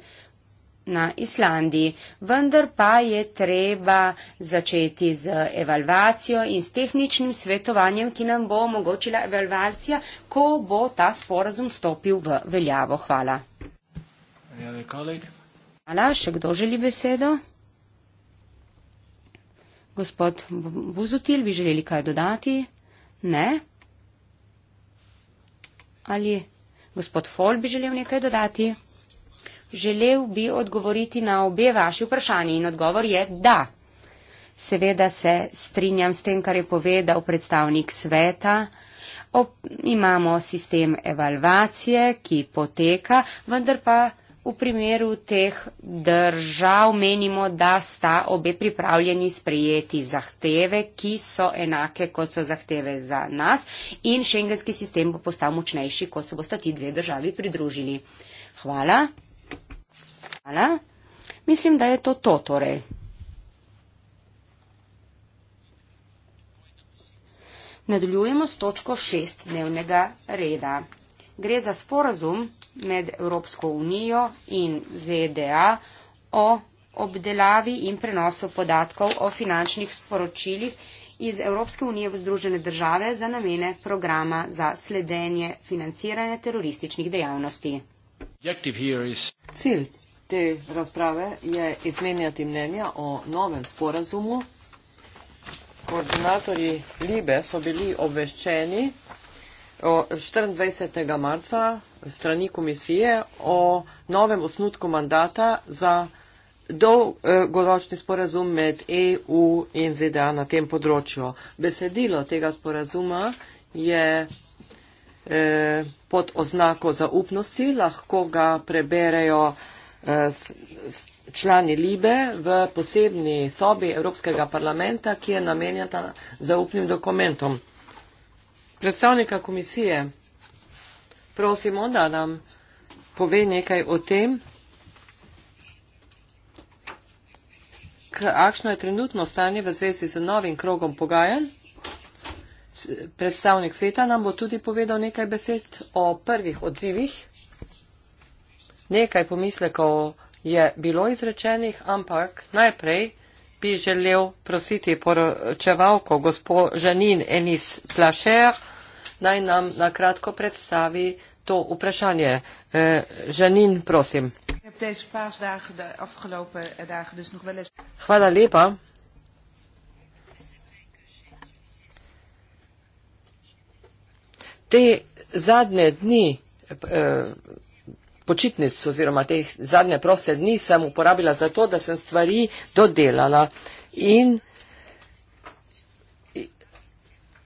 Speaker 2: na Islandiji. Vendar pa je treba začeti z evalvacijo in s tehničnim svetovanjem, ki nam bo omogočila evalvacija, ko bo ta sporazum stopil v veljavo. Hvala. Hvala. Še kdo želi besedo? Gospod Buzutil, bi želeli kaj dodati? Ne? Ali gospod Fol bi želel nekaj dodati? Želel bi odgovoriti na obe vaši vprašanje in odgovor je da. Seveda se strinjam s tem, kar je povedal predstavnik sveta. Ob, imamo sistem evalvacije, ki poteka, vendar pa V primeru teh držav menimo, da sta obe pripravljeni sprejeti zahteve, ki so enake kot so zahteve za nas in šengenski sistem bo postal močnejši, ko se bosta ti dve državi pridružili. Hvala. Hvala. Mislim, da je to to torej. Nadaljujemo s točko 6 dnevnega reda. Gre za sporazum med Evropsko unijo in ZDA o obdelavi in prenosu podatkov o finančnih sporočilih iz Evropske unije v Združene države za namene programa za sledenje financiranja terorističnih dejavnosti.
Speaker 3: Cilj te razprave je izmenjati mnenja o novem sporazumu. Koordinatorji Libe so bili obveščeni 24. marca strani komisije o novem osnutku mandata za dolgoročni eh, sporazum med EU in ZDA na tem področju. Besedilo tega sporazuma je eh, pod oznako zaupnosti, lahko ga preberejo eh, člani Libe v posebni sobi Evropskega parlamenta, ki je namenjata zaupnim dokumentom predstavnika komisije. Prosimo, da nam pove nekaj o tem, kakšno je trenutno stanje v zvezi z novim krogom pogajanj. Predstavnik sveta nam bo tudi povedal nekaj besed o prvih odzivih. Nekaj pomislekov je bilo izrečenih, ampak najprej bi želel prositi poročevalko gospo Žanin Enis Plašer, naj nam na kratko predstavi to vprašanje. Ženin, eh, prosim. Eh, Hvala lepa. Te zadnje dni eh, počitnic oziroma te zadnje proste dni sem uporabila za to, da sem stvari dodelala in vsega,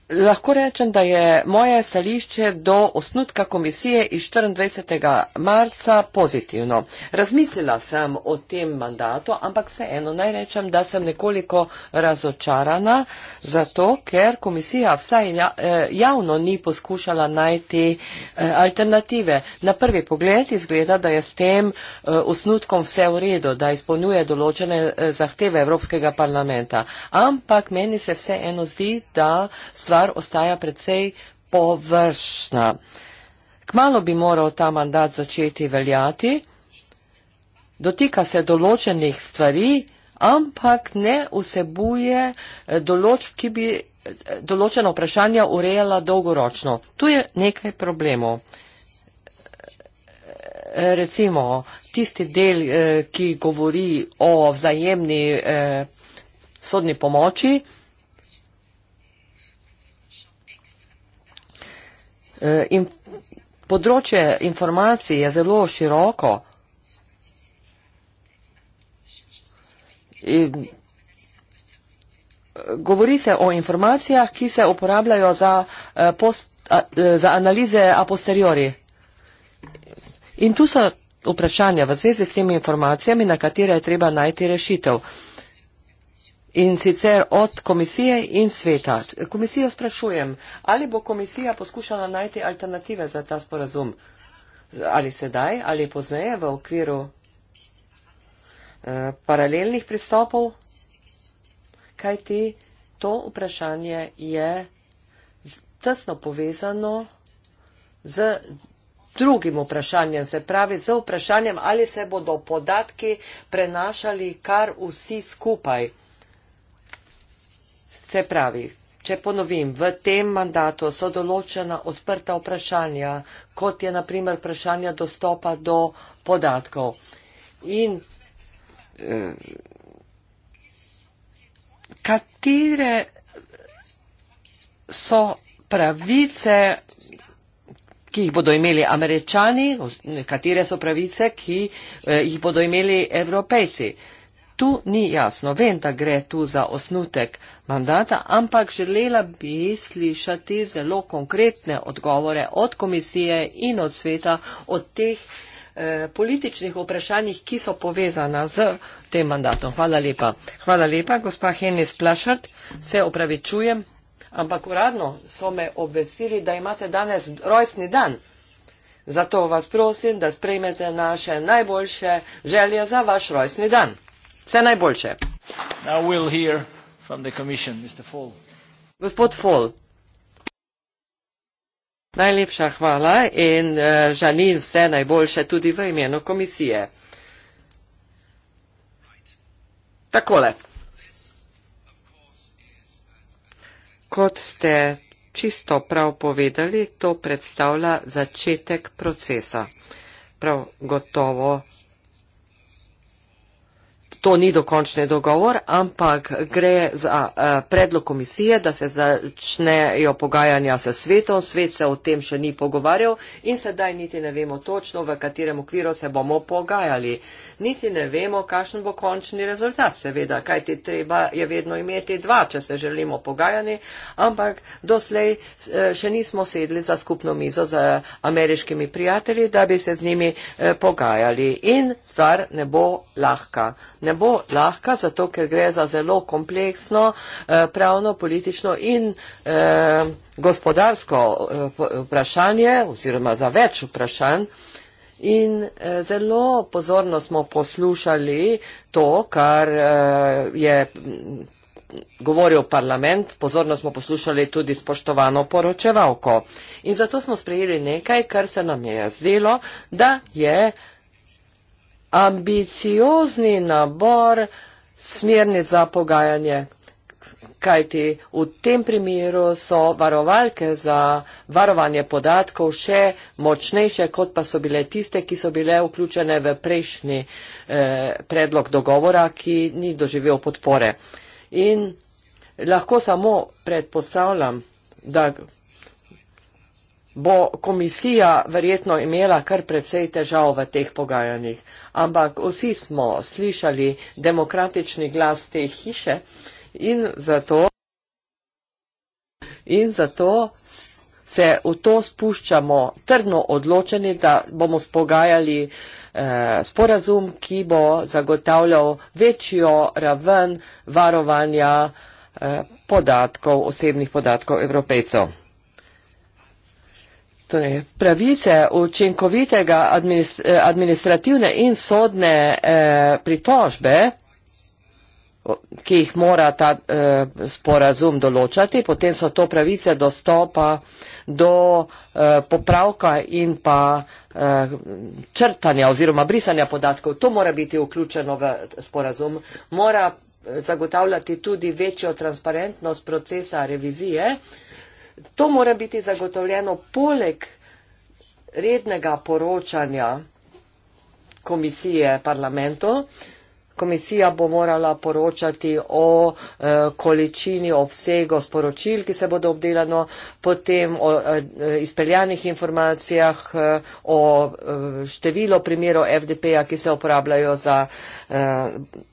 Speaker 3: Lahko rečem, da je moje stališče do osnutka komisije iz 24. marca pozitivno. Razmislila sem o tem mandatu, ampak vseeno naj rečem, da sem nekoliko razočarana zato, ker komisija vsaj ja, eh, javno ni poskušala najti eh, alternative. Na prvi pogled izgleda, da je s tem eh, osnutkom vse v redu, da izpolnjuje določene zahteve Evropskega parlamenta. Ampak meni se vseeno zdi, da stvar stvar ostaja precej površna. Kmalo bi moral ta mandat začeti veljati, dotika se določenih stvari, ampak ne vsebuje eh, določb, ki bi eh, določena vprašanja urejala dolgoročno. Tu je nekaj problemov. Eh, recimo, tisti del, ki govori o vzajemni sodni pomoči, E, in področje informacij je zelo široko. In e, govori se o informacijah, ki se uporabljajo za, e, post, za analize a posteriori. In tu so vprašanja v zvezi s temi informacijami, na katere je treba najti rešitev in sicer od komisije in sveta. Komisijo sprašujem, ali bo komisija poskušala najti alternative za ta sporazum, ali sedaj ali pozneje v okviru eh, paralelnih pristopov, kaj ti to vprašanje je tesno povezano z drugim vprašanjem, se pravi z vprašanjem, ali se bodo podatki prenašali kar vsi skupaj. Se pravi, če ponovim, v tem mandatu so določena odprta vprašanja, kot je naprimer vprašanja dostopa do podatkov. In eh, katere so pravice, ki jih bodo imeli američani, katere so pravice, ki eh, jih bodo imeli evropejci. Eh, Tu ni jasno, vem, da gre tu za osnutek mandata, ampak želela bi slišati zelo konkretne odgovore od komisije in od sveta o teh eh, političnih vprašanjih, ki so povezana z tem mandatom. Hvala lepa. Hvala lepa, gospa Henis Plašart, se opravičujem, ampak uradno so me obvestili, da imate danes rojstni dan. Zato vas prosim, da sprejmete naše najboljše želje za vaš rojstni dan. Vse najboljše. We'll Gospod Fall. Najlepša hvala in uh, eh, žalim vse najboljše tudi v imenu komisije. Takole. Kot ste čisto prav povedali, to predstavlja začetek procesa. Prav gotovo to ni dokončni dogovor, ampak gre za eh, predlog komisije, da se začnejo pogajanja s svetom. Svet se o tem še ni pogovarjal in sedaj niti ne vemo točno, v katerem okviru se bomo pogajali. Niti ne vemo, kakšen bo končni rezultat, seveda, kaj ti treba je vedno imeti dva, če se želimo pogajati, ampak doslej eh, še nismo sedli za skupno mizo z ameriškimi prijatelji, da bi se z njimi eh, pogajali. In stvar ne bo lahka. Ne bo lahka, zato ker gre za zelo kompleksno eh, pravno, politično in eh, gospodarsko eh, vprašanje oziroma za več vprašanj. In eh, zelo pozorno smo poslušali to, kar eh, je mm, govoril parlament, pozorno smo poslušali tudi spoštovano poročevalko. In zato smo sprejeli nekaj, kar se nam je zdelo, da je eh, ambiciozni nabor smernic za pogajanje, kajti v tem primeru so varovalke za varovanje podatkov še močnejše, kot pa so bile tiste, ki so bile vključene v prejšnji eh, predlog dogovora, ki ni doživel podpore. In lahko samo predpostavljam, da bo komisija verjetno imela kar precej težav v teh pogajanjih. Ampak vsi smo slišali demokratični glas te hiše in zato, in zato se v to spuščamo trdno odločeni, da bomo spogajali eh, sporazum, ki bo zagotavljal večjo raven varovanja eh, podatkov, osebnih podatkov evropejcev. Torej, pravice učinkovitega administ, eh, administrativne in sodne eh, pritožbe, ki jih mora ta eh, sporazum določati, potem so to pravice dostopa do eh, popravka in pa eh, črtanja oziroma brisanja podatkov. To mora biti vključeno v sporazum. Mora eh, zagotavljati tudi večjo transparentnost procesa revizije. Eh, to mora biti zagotovljeno poleg rednega poročanja komisije parlamentu. Komisija bo morala poročati o e, količini, o vsego sporočil, ki se bodo obdelano, potem o e, izpeljanih informacijah, e, o e, število primerov FDP-ja, ki se uporabljajo za e,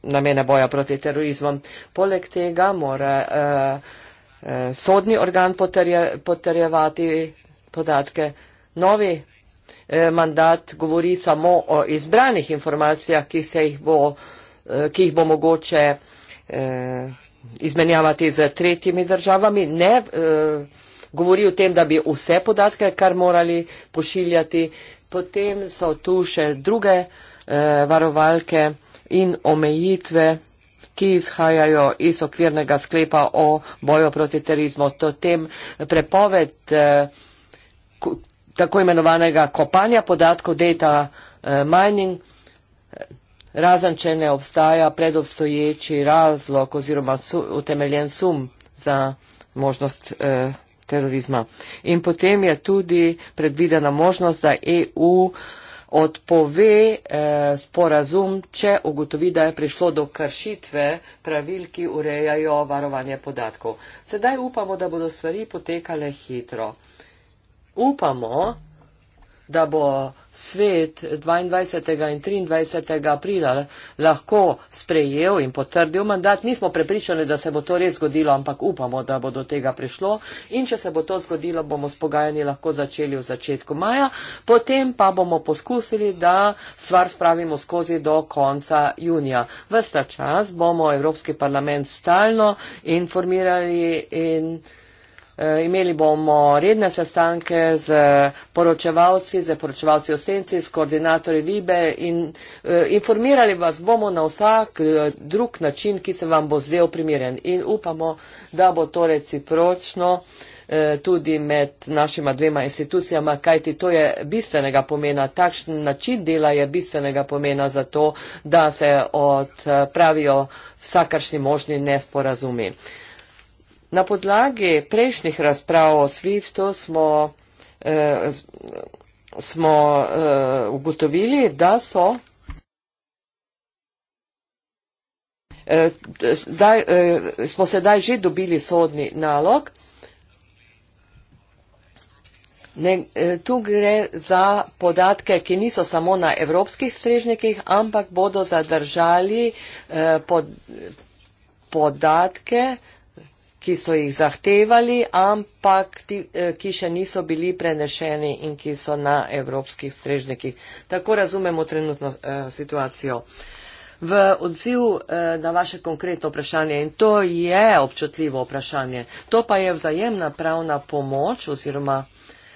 Speaker 3: namene boja proti terorizmom. Poleg tega mora. E, eh, sodni organ potrje, potrjevati podatke. Novi eh, mandat govori samo o izbranih informacijah, ki, se jih, bo, eh, ki jih bo mogoče eh, izmenjavati z tretjimi državami. Ne eh, govori o tem, da bi vse podatke, kar morali pošiljati. Potem so tu še druge eh, varovalke in omejitve ki izhajajo iz okvirnega sklepa o boju proti terorizmu. To tem prepoved eh, tako imenovanega kopanja podatkov data eh, mining, eh, razen če ne obstaja predobstoječi razlog oziroma utemeljen sum za možnost terorizma. In potem je tudi predvidena možnost, da EU odpove eh, sporazum, če ugotovi, da je prišlo do kršitve pravil, ki urejajo varovanje podatkov. Sedaj upamo, da bodo stvari potekale hitro. Upamo, da bo svet 22. in 23. aprila lahko sprejel in potrdil mandat. Nismo prepričani, da se bo to res zgodilo, ampak upamo, da bo do tega prišlo. In če se bo to zgodilo, bomo s pogajanji lahko začeli v začetku maja. Potem pa bomo poskusili, da stvar spravimo skozi do konca junija. Vesta čas bomo Evropski parlament stalno informirali in informirali. Eh, imeli bomo redne sestanke z poročevalci, z poročevalci o senci, s koordinatorji Libe in eh, informirali vas bomo na vsak eh, drug način, ki se vam bo zdel primeren. In upamo, da bo to recipročno tudi med našima dvema institucijama, kajti to je bistvenega pomena. Takšen način dela je bistvenega pomena za to, da se odpravijo vsakršni možni nesporazumi. Na podlagi prejšnjih razprav o SWIFT-u smo, eh, smo eh, ugotovili, da so. Eh, da, eh, smo sedaj že dobili sodni nalog. Ne, eh, tu gre za podatke, ki niso samo na evropskih strežnikih, ampak bodo zadržali pod, podatke eh, ki so jih zahtevali, ampak ti, eh, ki še niso bili prenešeni in ki so na evropskih strežnikih. Tako razumemo trenutno eh, situacijo. V odziv eh, na vaše konkretno vprašanje, in to je občutljivo vprašanje, to pa je vzajemna pravna pomoč oziroma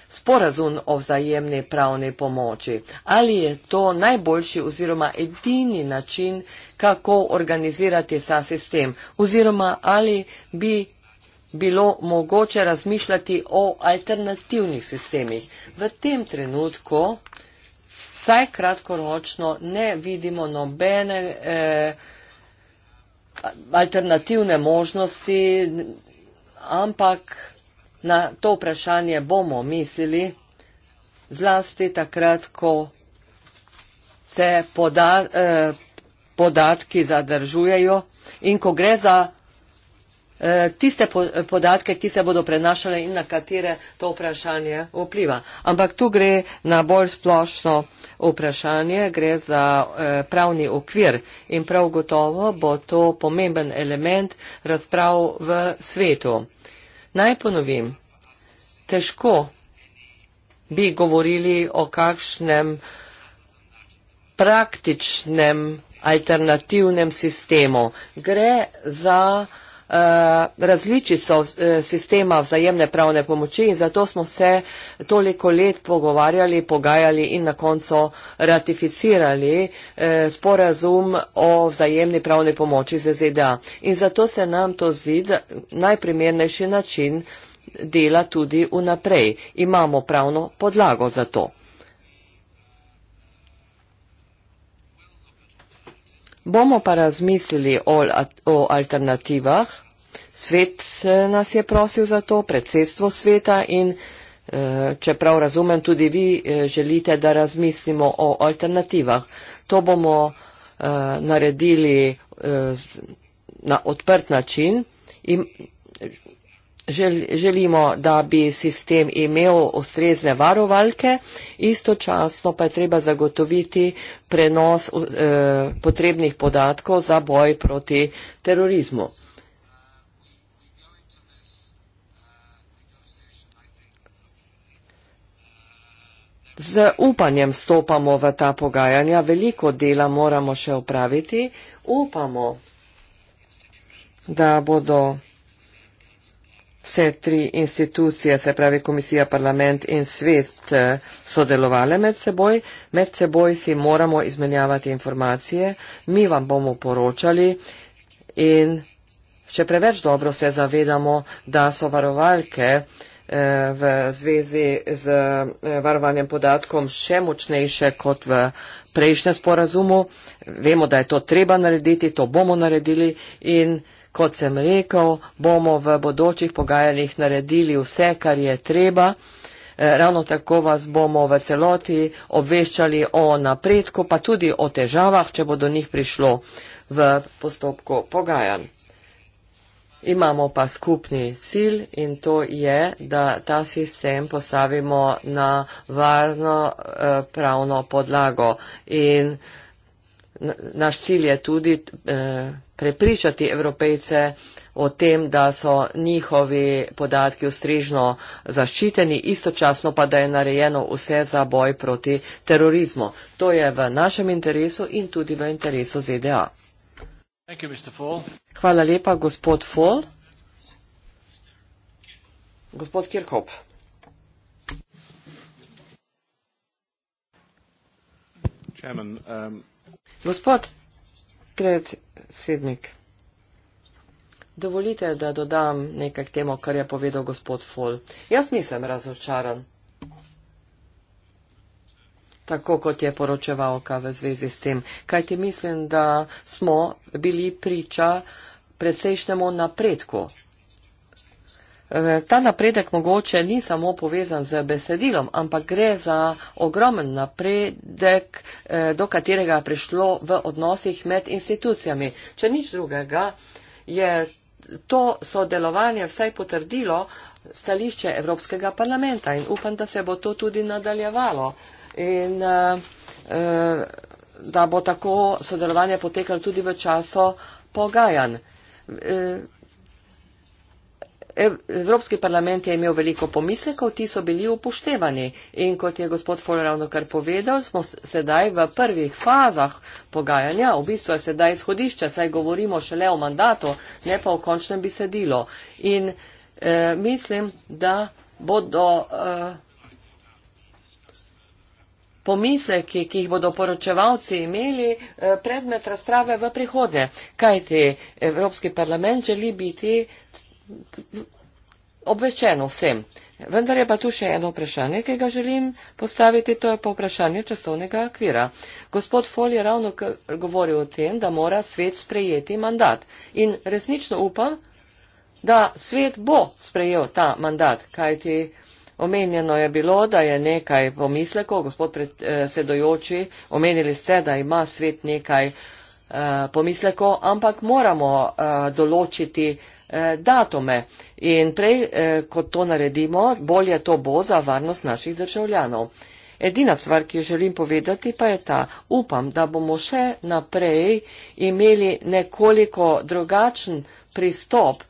Speaker 3: sporazum o vzajemni pravni pomoči. Ali je to najboljši oziroma edini način, kako organizirati ta sistem? Oziroma ali bi bilo mogoče razmišljati o alternativnih sistemih. V tem trenutku vsaj kratkoročno ne vidimo nobene eh, alternativne možnosti, ampak na to vprašanje bomo mislili zlasti takrat, ko se poda, eh, podatki zadržujejo in ko gre za Eh, tiste podatke, ki se bodo prenašale in na katere to vprašanje vpliva. Ampak tu gre na bolj splošno vprašanje, gre za eh, pravni okvir in prav gotovo bo to pomemben element razprav v svetu. Naj ponovim, težko bi govorili o kakšnem praktičnem alternativnem sistemu. Gre za različico sistema vzajemne pravne pomoči in zato smo se toliko let pogovarjali, pogajali in na koncu ratificirali eh, sporazum o vzajemni pravni pomoči za ZDA. In zato se nam to zdi najprimernejši način dela tudi vnaprej. Imamo pravno podlago za to. Bomo pa razmislili o, o alternativah. Svet eh, nas je prosil za to, predsedstvo sveta in, eh, če prav razumem, tudi vi eh, želite, da razmislimo o alternativah. To bomo naredili na odprt način. In želimo, da bi sistem imel ustrezne varovalke, istočasno pa je treba zagotoviti prenos e, potrebnih podatkov za boj proti terorizmu. Z upanjem stopamo v ta pogajanja, veliko dela moramo še opraviti. Upamo, da bodo vse tri institucije, se pravi komisija, parlament in svet, eh, sodelovali med seboj. Med seboj si moramo izmenjavati informacije, mi vam bomo poročali in še preveč dobro se zavedamo, da so varovalke eh, v zvezi z eh, varovanjem podatkom še močnejše kot v prejšnjem sporazumu. Vemo, da je to treba narediti, to bomo naredili in. Kot sem rekel, bomo v bodočih pogajanjih naredili vse, kar je treba. Eh, ravno tako vas bomo v celoti obveščali o napredku, pa tudi o težavah, če bo do njih prišlo v postopku pogajanj. Imamo pa skupni cilj in to je, da ta sistem postavimo na varno eh, pravno podlago. In naš cilj je tudi. Eh, prepričati evropejce o tem, da so njihovi podatki ustrežno zaščiteni, istočasno pa, da je narejeno vse za boj proti terorizmu. To je v našem interesu in tudi v interesu ZDA.
Speaker 2: You,
Speaker 3: Hvala lepa, gospod Fall. Gospod Kirkop. Chairman, um... Gospod predsednik. Sednik. Dovolite, da dodam nekaj k temu, kar je povedal gospod Fol. Jaz nisem razočaran, tako kot je poročevalka v zvezi s tem, kaj ti mislim, da smo bili priča precejšnjemu napredku Ta napredek mogoče ni samo povezan z besedilom, ampak gre za ogromen napredek, eh, do katerega je prišlo v odnosih med institucijami. Če nič drugega, je to sodelovanje vsaj potrdilo stališče Evropskega parlamenta in upam, da se bo to tudi nadaljevalo in eh, eh, da bo tako sodelovanje potekalo tudi v času pogajanj. Evropski parlament je imel veliko pomislekov, ti so bili upoštevani. In kot je gospod Fol ravno kar povedal, smo sedaj v prvih fazah pogajanja, v bistvu je sedaj izhodišče, saj govorimo šele o mandatu, ne pa o končnem besedilo. In eh, mislim, da bodo. Eh, pomisleki, ki jih bodo poročevalci imeli, eh, predmet razprave v prihodnje. Kaj ti Evropski parlament želi biti obveščeno vsem. Vendar je pa tu še eno vprašanje, ki ga želim postaviti, to je pa vprašanje časovnega akvira. Gospod Fol je ravno govoril o tem, da mora svet sprejeti mandat. In resnično upam, da svet bo sprejel ta mandat, kajti omenjeno je bilo, da je nekaj pomislekov, gospod predsedojoči, omenili ste, da ima svet nekaj uh, pomislekov, ampak moramo uh, določiti. Eh, datume. In prej, eh, kot to naredimo, bolje to bo za varnost naših državljanov. Edina stvar, ki jo želim povedati, pa je ta. Upam, da bomo še naprej imeli nekoliko drugačen pristop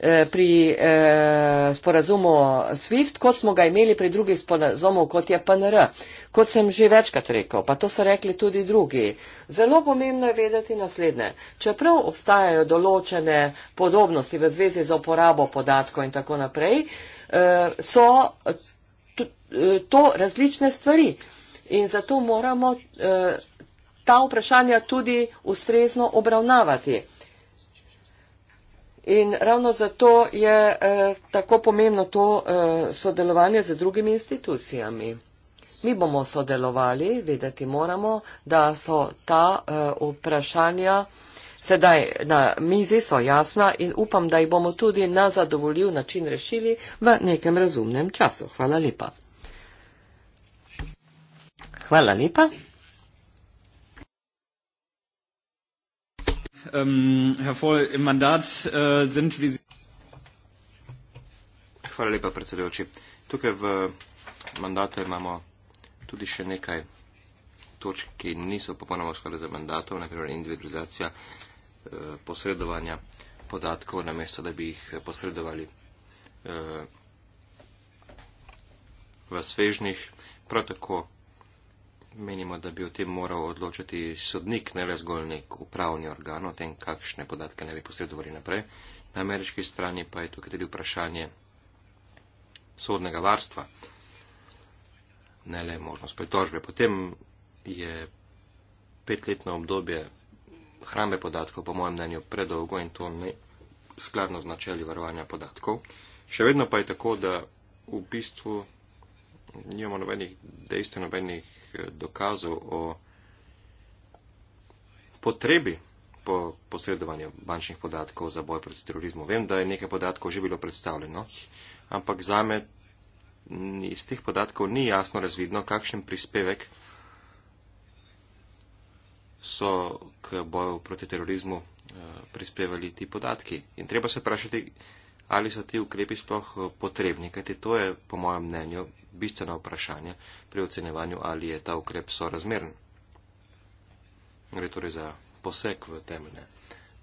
Speaker 3: Eh, pri eh, sporazumu SWIFT, kot smo ga imeli pri drugih sporazumov, kot je PNR. Kot sem že večkrat rekel, pa to so rekli tudi drugi. Zelo pomembno je vedeti naslednje. Čeprav obstajajo določene podobnosti v zvezi z uporabo podatkov in tako naprej, eh, so eh, to različne stvari. In zato moramo eh, ta vprašanja tudi ustrezno obravnavati. In ravno zato je eh, tako pomembno to eh, sodelovanje z drugimi institucijami. Mi bomo sodelovali, vedeti moramo, da so ta eh, vprašanja sedaj na mizi, so jasna in upam, da jih bomo tudi na zadovoljiv način rešili v nekem razumnem času. Hvala lepa. Hvala lepa.
Speaker 1: Ähm, Herr Voll, im Mandat äh, sind wir. Hvala lepa, predsedujoči. Tukaj v mandatu imamo tudi še nekaj točk, ki niso popolnoma skladne z mandatom, naprimer individualizacija eh, posredovanja podatkov, namesto da bi jih posredovali eh, v svežnih. Prav tako Menimo, da bi o tem moral odločiti sodnik, ne le zgolj nek upravni organ, o tem, kakšne podatke ne bi posredovali naprej. Na ameriški strani pa je tukaj tudi vprašanje sodnega varstva, ne le možnost pritožbe. Potem je petletno obdobje hrambe podatkov, po mojem mnenju, predolgo in to ne skladno z načeli varovanja podatkov. Še vedno pa je tako, da v bistvu nimamo nobenih dejstev, nobenih dokazov o potrebi po posredovanju bančnih podatkov za boj proti terorizmu. Vem, da je nekaj podatkov že bilo predstavljeno, ampak zame iz teh podatkov ni jasno razvidno, kakšen prispevek so k boju proti terorizmu eh, prispevali ti podatki. In treba se vprašati, ali so ti ukrepi sploh eh, potrebni, kajti to je, po mojem mnenju, bistveno vprašanje pri ocenevanju, ali je ta ukrep sorazmeren. Gre torej za poseg v temeljne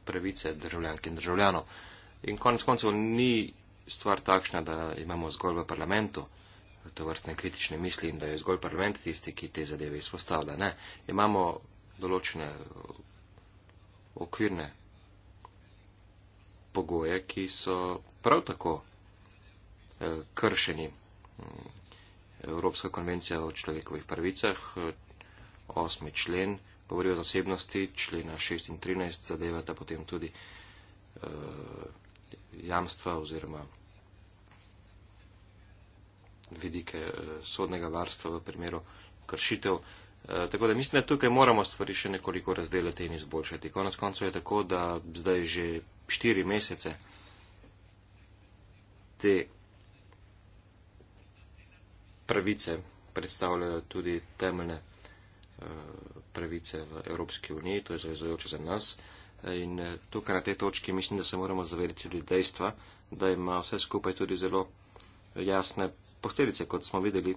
Speaker 1: pravice državljank in državljanov. In konec koncev ni stvar takšna, da imamo zgolj v parlamentu to vrstne kritične misli in da je zgolj parlament tisti, ki te zadeve izpostavlja. Ne, imamo določene eh, okvirne pogoje, ki so prav tako eh, kršeni. Evropska konvencija o človekovih pravicah, eh, osmi člen, govori o zasebnosti, člena 6 in 13 zadevata potem tudi eh, jamstva oziroma vidike sodnega varstva v primeru kršitev. Tako da mislim, da tukaj moramo stvari še nekoliko razdeliti in izboljšati. Konec koncev je tako, da zdaj že štiri mesece te pravice predstavljajo tudi temeljne eh, pravice v Evropski uniji, to je zavezujoče za nas. In eh, tukaj na tej točki mislim, da se moramo zavedati tudi dejstva, da ima vse skupaj tudi zelo jasne posledice. Kot smo videli,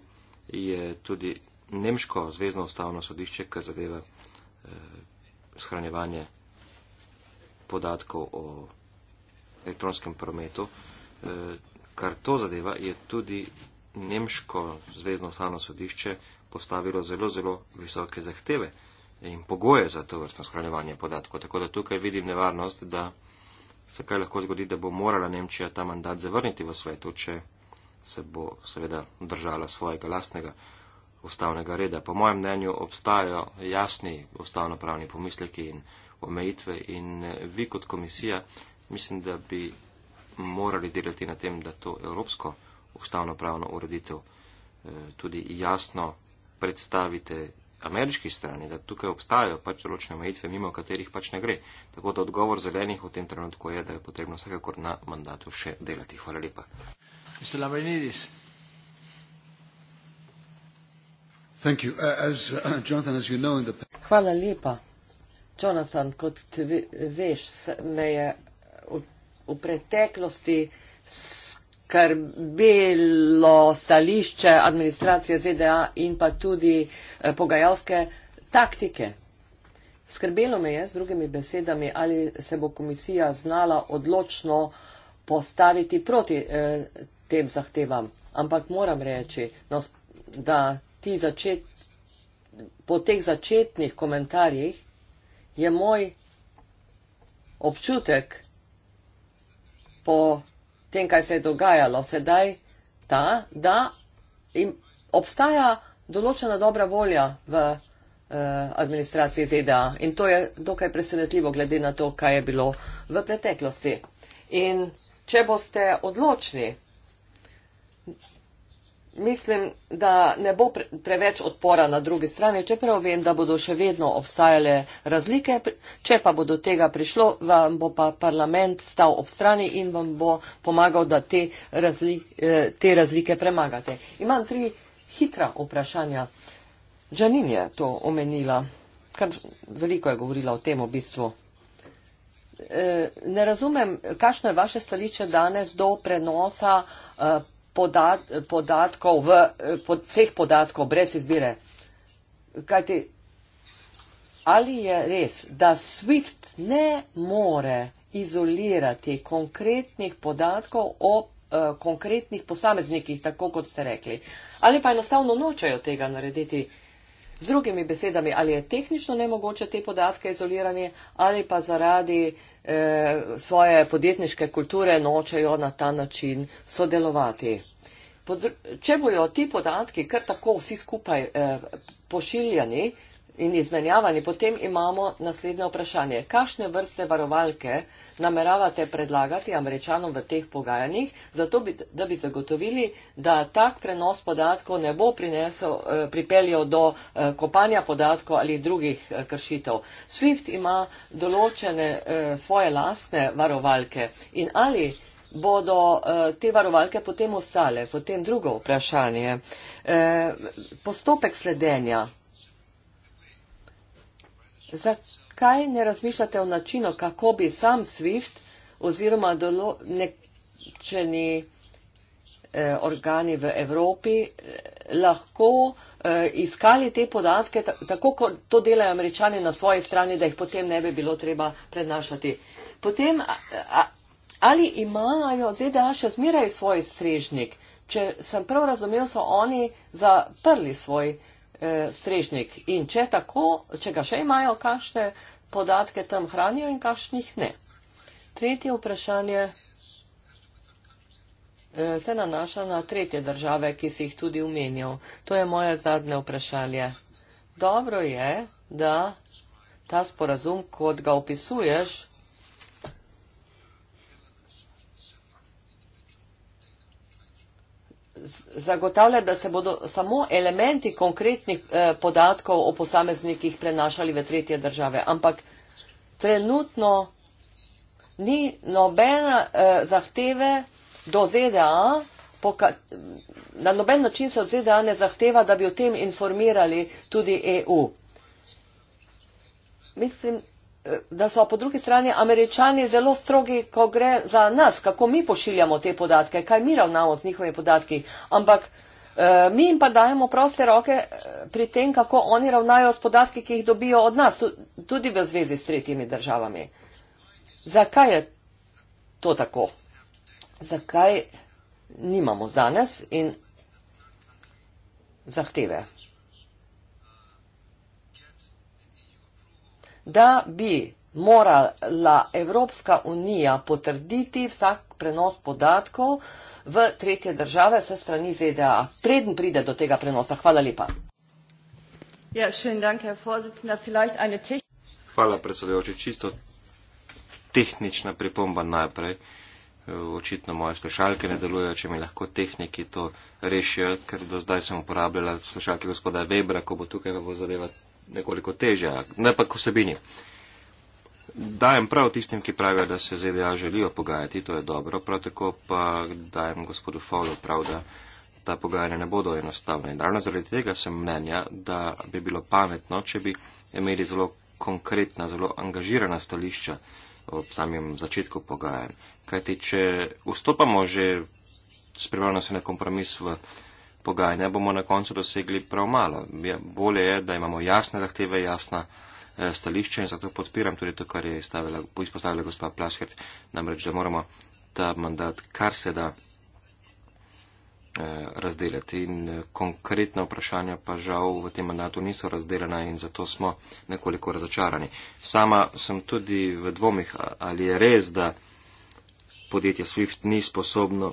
Speaker 1: je tudi Nemško zvezdno ustavno sodišče, kar zadeva eh, shranjevanje podatkov o elektronskem prometu. E, kar to zadeva, je tudi Nemško zvezdno ustavno sodišče postavilo zelo, zelo visoke zahteve in pogoje za to vrstno shranjevanje podatkov. Tako da tukaj vidim nevarnost, da se kaj lahko zgodi, da bo morala Nemčija ta mandat zavrniti v svetu, če se bo seveda držala svojega lastnega ustavnega reda. Po mojem mnenju obstajajo jasni ustavno pravni pomisleki in pomisleki omejitve in eh, vi kot komisija mislim, da bi morali delati na tem, da to evropsko ustavno pravno ureditev eh, tudi jasno predstavite ameriški strani, da tukaj obstajajo pač določene omejitve, mimo katerih pač ne gre. Tako da odgovor zelenih v tem trenutku je, da je potrebno vsekakor na mandatu še delati. Hvala lepa. Uh,
Speaker 3: Hvala lepa. Jonathan, kot ti veš, me je v, v preteklosti skrbelo stališče administracije ZDA in pa tudi eh, pogajalske taktike. Skrbelo me je, z drugimi besedami, ali se bo komisija znala odločno postaviti proti eh, tem zahtevam. Ampak moram reči, no, da ti začet, po teh začetnih komentarjih je moj občutek po tem, kaj se je dogajalo sedaj, ta, da obstaja določena dobra volja v uh, administraciji ZDA in to je dokaj presenetljivo glede na to, kaj je bilo v preteklosti. In če boste odločni, mislim, da ne bo preveč odpora na drugi strani, čeprav vem, da bodo še vedno obstajale razlike. Če pa bo do tega prišlo, vam bo pa parlament stal ob strani in vam bo pomagal, da te, razli, eh, te razlike premagate. Imam tri hitra vprašanja. Džanin je to omenila, kar veliko je govorila o tem v bistvu. Eh, ne razumem, kakšno je vaše stališče danes do prenosa eh, podat, podatkov, v, pod, vseh podatkov, brez izbire. Kajti, ali je res, da SWIFT ne more izolirati konkretnih podatkov o e, konkretnih posameznikih, tako kot ste rekli? Ali pa enostavno nočejo tega narediti? Z drugimi besedami, ali je tehnično nemogoče te podatke izolirati ali pa zaradi eh, svoje podjetniške kulture nočejo na ta način sodelovati. Podr če bojo ti podatki kar tako vsi skupaj eh, pošiljani, in izmenjavanje, potem imamo naslednje vprašanje. Kakšne vrste varovalke nameravate predlagati američanom v teh pogajanjih, zato bi, da bi zagotovili, da tak prenos podatkov ne bo prinesel, eh, pripeljal do eh, kopanja podatkov ali drugih eh, kršitev? SWIFT ima določene svoje lastne varovalke in ali bodo te varovalke potem ostale. Potem drugo vprašanje. Postopek sledenja Zakaj ne razmišljate o načinu, kako bi sam SWIFT oziroma določeni eh, organi v Evropi eh, lahko eh, iskali te podatke, tako kot to delajo američani na svoji strani, da jih potem ne bi bilo treba prenašati? Potem, a, a, ali imajo ZDA še zmeraj svoj strežnik? Če sem prav razumel, so oni zaprli svoj strežnik. Eh, strežnik. In če tako, če ga še imajo, kakšne podatke tam hranijo in kakšnih ne. Tretje vprašanje
Speaker 1: eh,
Speaker 3: se nanaša na tretje države, ki si jih tudi umenjal. To je moje zadnje vprašanje. Dobro je, da ta sporazum, kot ga opisuješ, zagotavlja, da se bodo samo elementi konkretnih eh, podatkov o posameznikih prenašali v tretje države. Ampak trenutno ni nobena eh, zahteve do ZDA, na noben način se od ZDA ne zahteva, da bi o tem informirali tudi EU. Mislim, da da so po drugi strani američani zelo strogi, ko gre za nas, kako mi pošiljamo te podatke, kaj mi ravnamo z njihovimi podatki. Ampak eh, mi jim pa dajemo proste roke eh, pri tem, kako oni ravnajo s podatki, ki jih dobijo od nas, tudi v zvezi s tretjimi državami. Zakaj je to tako? Zakaj nimamo danes in zahteve? da bi morala Evropska unija potrditi vsak prenos podatkov v tretje države se strani ZDA. Preden pride do tega prenosa. Hvala lepa. Ja, dank, teh...
Speaker 1: Hvala, predsedujoči. Čisto tehnična pripomba najprej. E, očitno moje slušalke ne delujejo, če mi lahko tehniki to rešijo, ker do zdaj sem uporabljala slušalke gospoda Webra, ko bo tukaj, bo zadeva nekoliko teže, ne pa k vsebini. Dajem prav tistim, ki pravijo, da se ZDA želijo pogajati, to je dobro, prav tako pa dajem gospodu Fowlu prav, da ta pogajanja ne bodo enostavna. In ravno zaradi tega sem mnenja, da bi bilo pametno, če bi imeli zelo konkretna, zelo angažirana stališča ob samem začetku pogajanj. Kajti, če vstopamo že s privarnostjo na kompromis v pogajanja bomo na koncu dosegli prav malo. Ja, bolje je, da imamo jasne zahteve, jasna eh, stališča in zato podpiram tudi to, kar je stavila, izpostavila gospa Plaskert, namreč, da moramo ta mandat kar se da eh, razdeliti. In eh, konkretna vprašanja pa žal v tem mandatu niso razdeljena in zato smo nekoliko razočarani. Sama sem tudi v dvomih, ali je res, da podjetje SWIFT ni sposobno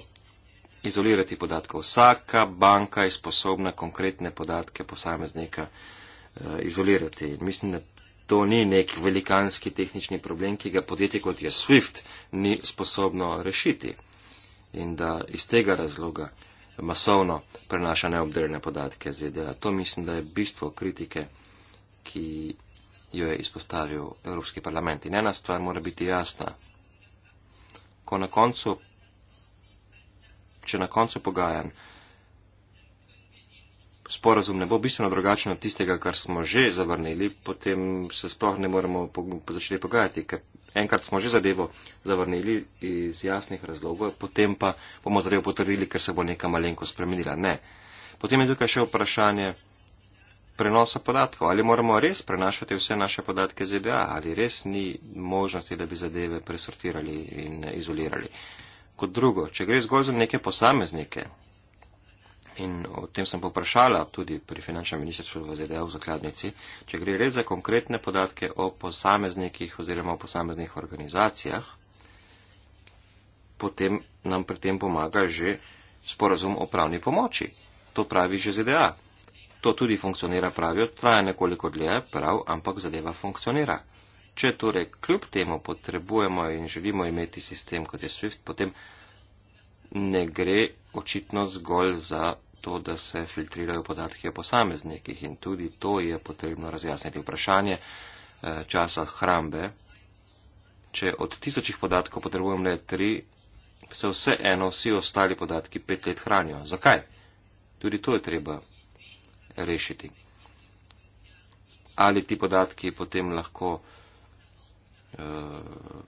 Speaker 1: izolirati podatkov. Vsaka banka je sposobna konkretne podatke posameznika uh, izolirati. Mislim, da to ni nek velikanski tehnični problem, ki ga podjetje kot je SWIFT ni sposobno rešiti. In da iz tega razloga masovno prenaša neobdelene podatke z VDA. To mislim, da je bistvo kritike, ki jo je izpostavil Evropski parlament. In ena stvar mora biti jasna. Ko na koncu če na koncu pogajan sporazum ne bo bistveno drugačen od tistega, kar smo že zavrnili, potem se sploh ne moremo po, po, začeti pogajati, ker enkrat smo že zadevo zavrnili iz jasnih razlogov, potem pa bomo zadevo potrdili, ker se bo neka malenko spremenila. Ne. Potem je tukaj še vprašanje prenosa podatkov. Ali moramo res prenašati vse naše podatke z EDA, ali res ni možnosti, da bi zadeve presortirali in izolirali. Uh, kot drugo, če gre zgolj za neke posameznike. In o tem sem poprašala tudi pri finančnem ministrstvu v ZDA v zakladnici, če gre res za konkretne podatke o posameznikih oziroma o posameznih organizacijah, potem nam pri tem pomaga že sporazum o pravni pomoči. To pravi že ZDA. To tudi funkcionira, pravijo, traja nekoliko dlje, prav, ampak zadeva funkcionira. Če torej kljub temu potrebujemo in želimo imeti sistem kot je SWIFT, potem ne gre očitno zgolj za to, da se filtrirajo podatki o posameznikih in tudi to je potrebno razjasniti. Vprašanje eh, časa hrambe, če od tisočih podatkov potrebujem le tri, se vse eno vsi ostali podatki pet let hranijo. Zakaj? Tudi to je treba rešiti. Ali ti podatki potem lahko uh, eh,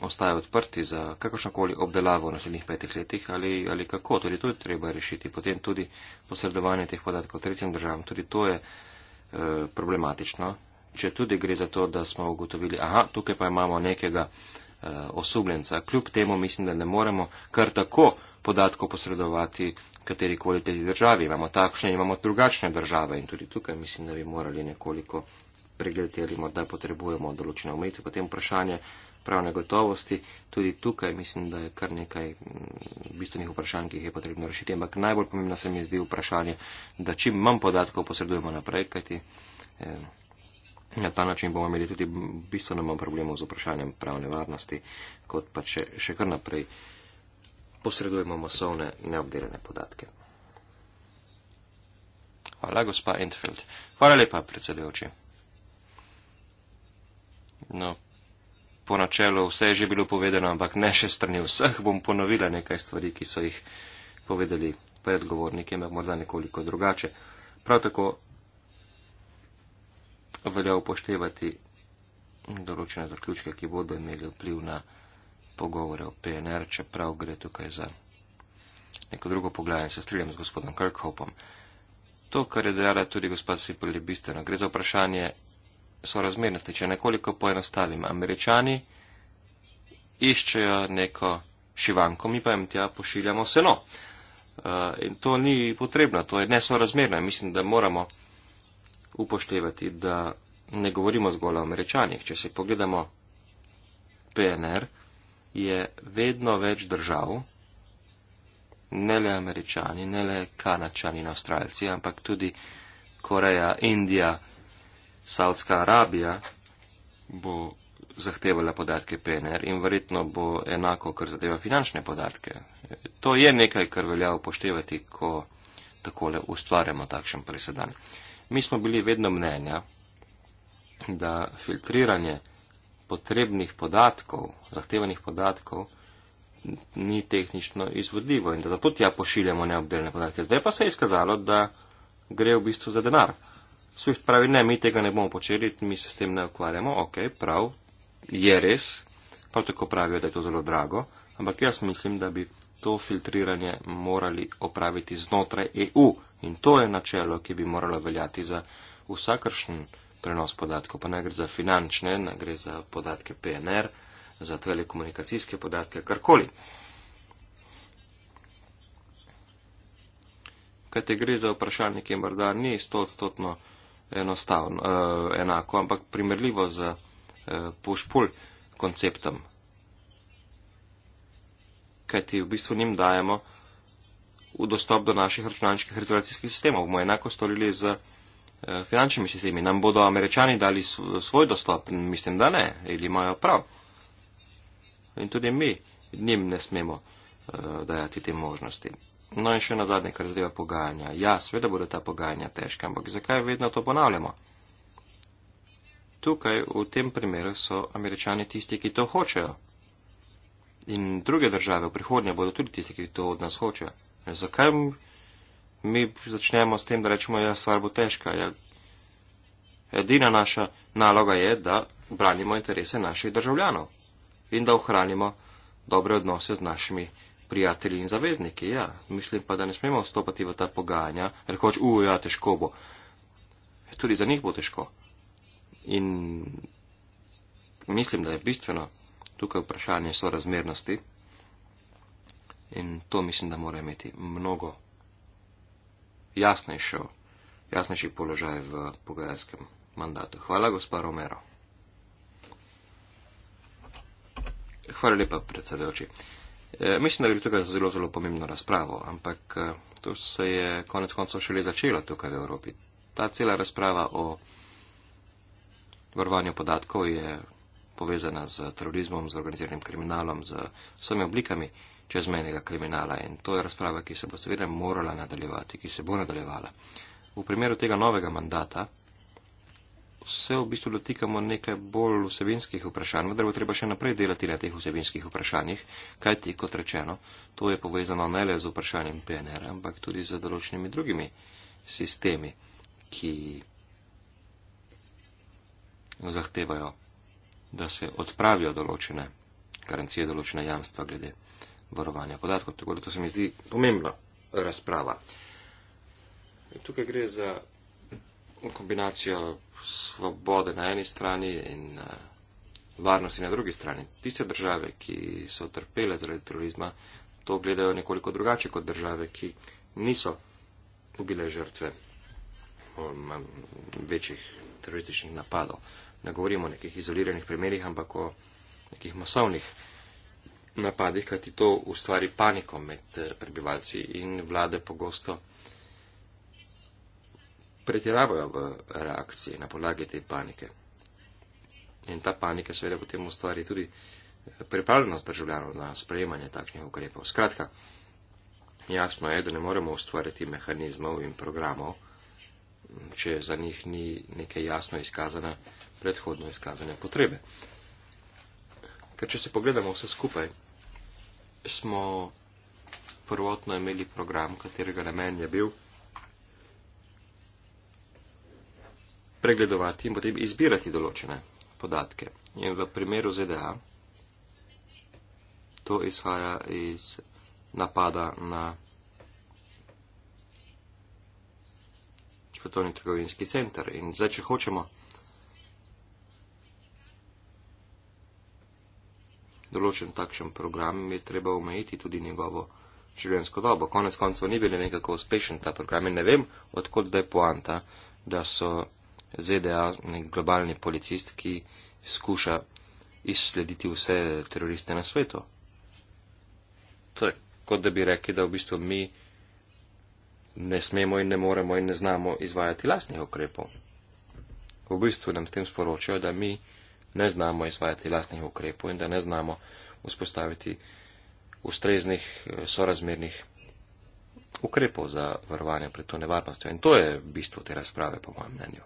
Speaker 1: ostajajo odprti za kakršnokoli obdelavo v naslednjih petih letih ali, ali kako. Tudi to je treba rešiti. Potem tudi posredovanje teh podatkov tretjim državam. Tudi to je uh, problematično. Če tudi gre za to, da smo ugotovili, aha, tukaj pa imamo nekega uh, eh, osubljenca. Kljub temu mislim, da ne moremo kar tako podatkov posredovati katerikoli tej državi. Imamo takšne, imamo drugačne države in tudi tukaj mislim, da bi morali nekoliko pregledati, ali morda potrebujemo določene omejitve. Potem vprašanje pravne gotovosti. Tudi tukaj mislim, da je kar nekaj mm, bistvenih vprašanj, ki jih je potrebno rešiti. Ampak najbolj pomembno se mi zdi vprašanje, da čim manj podatkov posredujemo naprej, kajti eh, na ta način bomo imeli tudi bistveno manj problemov z vprašanjem pravne varnosti, kot pa če še kar naprej posredujemo masovne neobdelene podatke. Hvala, gospa Entfeld. Hvala lepa, predsedujoči. No, po načelu vse je že bilo povedano, ampak ne še strani vseh bom ponovila nekaj stvari, ki so jih povedali predgovorniki, ampak morda nekoliko drugače. Prav tako velja upoštevati določene zaključke, ki bodo imeli vpliv na pogovore o PNR, čeprav gre tukaj za neko drugo pogledanje. Se strinjam z gospodom Kirkhopom. To, kar je dejala tudi gospod Sipel, je bistveno. Gre za vprašanje sorazmernosti. Če nekoliko poenostavim, američani iščejo neko šivanko, mi pa jim tja pošiljamo seno. Uh, in to ni potrebno, to je nesorazmerno. Mislim, da moramo upoštevati, da ne govorimo zgolj o američanih. Če se pogledamo PNR, je vedno več držav, ne le američani, ne le kanačani in avstralci, ampak tudi Koreja, Indija, Saudska Arabija bo zahtevala podatke PNR in verjetno bo enako, kar zadeva finančne podatke. To je nekaj, kar velja upoštevati, ko takole ustvarjamo takšen presedan. Mi smo bili vedno mnenja, da filtriranje potrebnih podatkov, zahtevanih podatkov, ni tehnično izvodljivo in da zato tja pošiljamo neobdelne podatke. Zdaj pa se je izkazalo, da gre v bistvu za denar. Swift pravi, ne, mi tega ne bomo počeli, mi se s tem ne ukvarjamo, ok, prav, je res, prav tako pravijo, da je to zelo drago, ampak jaz mislim, da bi to filtriranje morali opraviti znotraj EU in to je načelo, ki bi moralo veljati za vsakršen prenos podatkov, pa ne gre za finančne, ne gre za podatke PNR, za telekomunikacijske podatke, karkoli. Kaj te gre za vprašanje, ki morda ni stotstotno. 100 enostavno, uh, enako, ampak primerljivo z uh, eh, pušpul konceptom. Kaj ti v bistvu njim dajemo v dostop do naših računalniških rezervacijskih sistemov? Bomo enako storili z uh, finančnimi sistemi. Nam bodo američani dali svoj, svoj dostop? Mislim, da ne. Ili imajo prav. In tudi mi njim ne smemo uh, dajati te možnosti. No in še na zadnje, kar zadeva pogajanja. Ja, sveda bodo ta pogajanja težka, ampak zakaj vedno to ponavljamo? Tukaj v tem primeru so američani tisti, ki to hočejo. In druge države v prihodnje bodo tudi tisti, ki to od nas hočejo. Zakaj mi začnemo s tem, da rečemo, ja, stvar bo težka? Ja, edina naša naloga je, da branimo interese naših državljanov in da ohranimo dobre odnose z našimi državljani prijatelji in zavezniki, ja. Mislim pa, da ne smemo vstopati v ta pogajanja, rekoč, uj, ja, težko bo. Tudi za njih bo težko. In mislim, da je bistveno tukaj vprašanje sorazmernosti. In to mislim, da mora imeti mnogo jasnejšo, jasnejši položaj v pogajalskem mandatu. Hvala, gospa Romero. Hvala lepa, predsedujoči. Eh, mislim, da gre tukaj za zelo, zelo pomembno razpravo, ampak eh, to se je konec koncev šele začelo tukaj v Evropi. Ta cela razprava o varovanju podatkov je povezana z terorizmom, z organiziranim kriminalom, z vsemi oblikami čezmenjega kriminala in to je razprava, ki se bo seveda morala nadaljevati, ki se bo nadaljevala. V primeru tega novega mandata se v bistvu dotikamo nekaj bolj vsebinskih vprašanj, vendar bo treba še naprej delati na teh vsebinskih vprašanjih, kajti, kot rečeno, to je povezano ne le z vprašanjem PNR, ampak tudi z določenimi drugimi sistemi, ki zahtevajo, da se odpravijo določene garancije, določene jamstva glede varovanja podatkov. Tako da to se mi zdi pomembna razprava. In tukaj gre za kombinacijo svobode na eni strani in uh, varnosti na drugi strani. Tiste države, ki so trpele zaradi terorizma, to gledajo nekoliko drugače kot države, ki niso bile žrtve um, večjih terorističnih napadov. Ne govorimo o nekih izoliranih primerih, ampak o nekih masovnih napadih, kajti to ustvari paniko med eh, prebivalci in vlade pogosto pretiravajo v reakciji na podlagi te panike. In ta panika seveda potem ustvari tudi eh, pripravljenost državljanov na sprejemanje takšnih ukrepov. Skratka, jasno je, da ne moremo ustvariti mehanizmov in programov, če za njih ni neke jasno izkazane, predhodno izkazane potrebe. Ker če se pogledamo vse skupaj, smo prvotno imeli program, katerega namen je bil, pregledovati in potem izbirati določene podatke. In v primeru ZDA to izhaja iz napada na svetovni trgovinski center. In zdaj, če hočemo določen takšen program, je treba omejiti tudi njegovo življenjsko dobo. Konec koncev ni bil ne vem kako uspešen ta program in ne vem, odkot zdaj poanta, da so ZDA, nek globalni policist, ki skuša izslediti vse teroriste na svetu. To je kot da bi rekli, da v bistvu mi ne smemo in ne moremo in ne znamo izvajati lastnih ukrepov. V bistvu nam s tem sporočajo, da mi ne znamo izvajati lastnih ukrepov in da ne znamo vzpostaviti ustreznih, eh, sorazmernih ukrepov za varovanje pred to nevarnostjo. In to je bistvo te razprave, po mojem mnenju.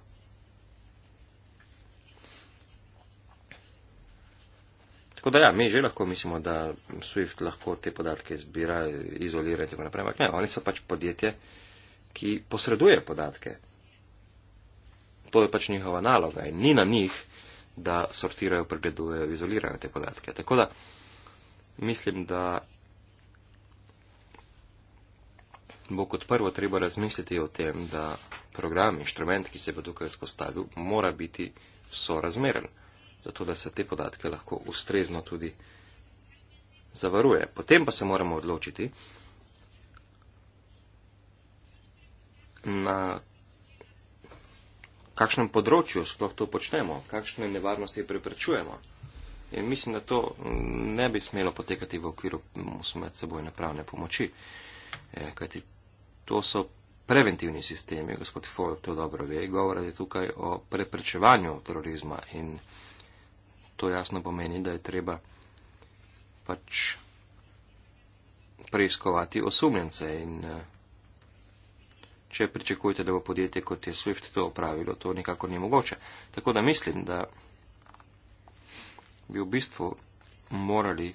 Speaker 1: Tako da ja, mi že lahko mislimo, da SWIFT lahko te podatke zbira, izolira in tako naprej, ampak ne, oni so pač podjetje, ki posreduje podatke. To je pač njihova naloga in ni na njih, da sortirajo, pregledujejo, izolirajo te podatke. Tako da mislim, da bo kot prvo treba razmisliti o tem, da program, inštrument, ki se bo tukaj vzpostavil, mora biti sorazmeren zato da se te podatke lahko ustrezno tudi zavaruje. Potem pa se moramo odločiti, na kakšnem področju sploh to počnemo, kakšne nevarnosti preprečujemo. In mislim, da to ne bi smelo potekati v okviru med sebojne pravne pomoči, e, kajti to so preventivni sistemi, gospod Foyle to dobro ve, govori tukaj o preprečevanju terorizma in preprečevanju to jasno pomeni, da je treba pač preiskovati osumljence. In eh, če pričakujete, da bo podjetje kot je Swift to opravilo, to nekako ni mogoče. Tako da mislim, da bi v bistvu morali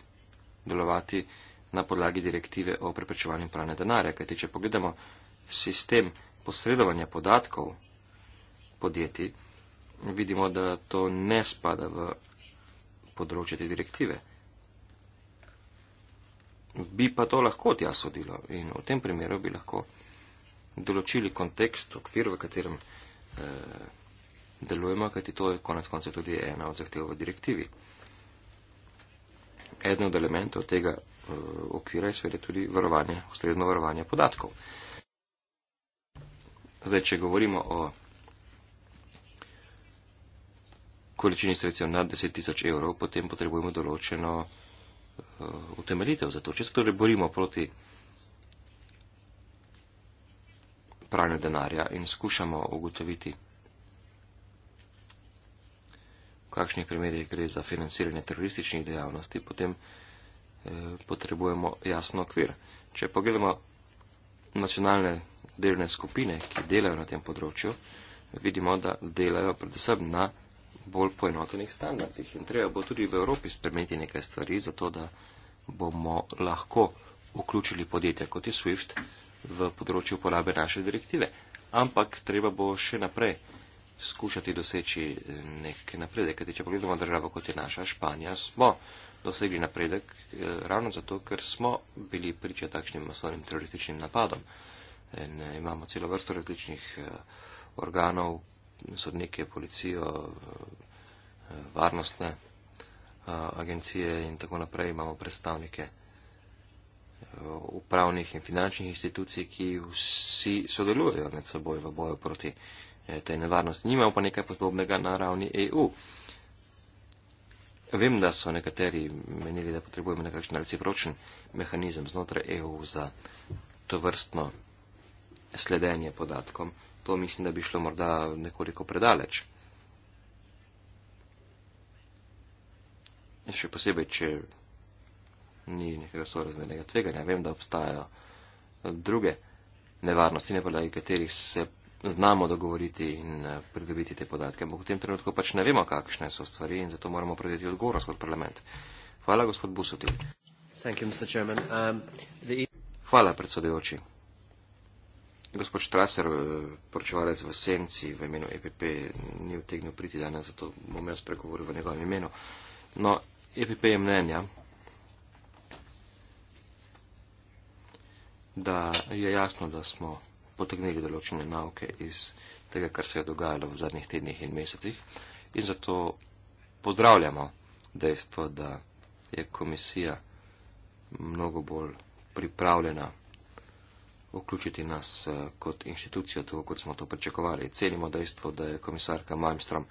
Speaker 1: delovati na podlagi direktive o preprečevanju pranja denarja. Kajti, če pogledamo sistem posredovanja podatkov podjetij, vidimo, da to ne spada v področje te direktive. Bi pa to lahko tja sodilo in v tem primeru bi lahko določili kontekst, okvir, v katerem eh, delujemo, kajti to je konec konca tudi ena od zahtev v direktivi. Eden od elementov tega eh, okvira je seveda tudi varovanje, ustrezno varovanje podatkov. Zdaj, če govorimo o količini sredstev nad 10 tisoč evrov, potem potrebujemo določeno uh, utemeljitev za to. Če se torej borimo proti pranju denarja in skušamo ugotoviti, v kakšnih primerjih gre za financiranje terorističnih dejavnosti, potem eh, potrebujemo jasno okvir. Če pogledamo nacionalne delne skupine, ki delajo na tem področju, vidimo, da delajo predvsem na bolj poenotenih standardih. In treba bo tudi v Evropi spremeniti nekaj stvari, zato da bomo lahko vključili podjetja kot je SWIFT v področju uporabe naše direktive. Ampak treba bo še naprej skušati doseči neke napredek. Kajti, če pogledamo državo kot je naša Španija, smo dosegli napredek eh, ravno zato, ker smo bili priča takšnim masovnim terorističnim napadom. In eh, imamo celo vrsto različnih eh, organov, sodnike, policijo, varnostne eh, agencije in tako naprej. Imamo predstavnike eh, upravnih in finančnih institucij, ki vsi sodelujejo med seboj v boju proti eh, tej nevarnosti. Nimamo pa nekaj podobnega na ravni EU. Vem, da so nekateri menili, da potrebujemo nekakšen recipročen mehanizem znotraj EU za to vrstno sledenje podatkom. To mislim, da bi šlo morda nekoliko predaleč. Še posebej, če ni nekega sorazmernega tveganja. Vem, da obstajajo druge nevarnosti, na ne podlagi katerih se znamo dogovoriti in eh, pridobiti te podatke. Ampak v tem trenutku pač ne vemo, kakšne so stvari in zato moramo predeti odgovornost kot parlament. Hvala, gospod Busuti.
Speaker 3: Um,
Speaker 1: Hvala, predsedujoči. Gospod Štraser, eh, poročevalec v Senci v imenu EPP, ni vtegnil priti danes, zato bom jaz pregovoril v njegovem imenu. No, EPP je mnenja, da je jasno, da smo potegnili določene nauke iz tega, kar se je dogajalo v zadnjih tednih in mesecih in zato pozdravljamo dejstvo, da je komisija mnogo bolj pripravljena vključiti nas eh, kot inštitucijo, tako kot smo to pričakovali. Cenimo dejstvo, da je komisarka Malmström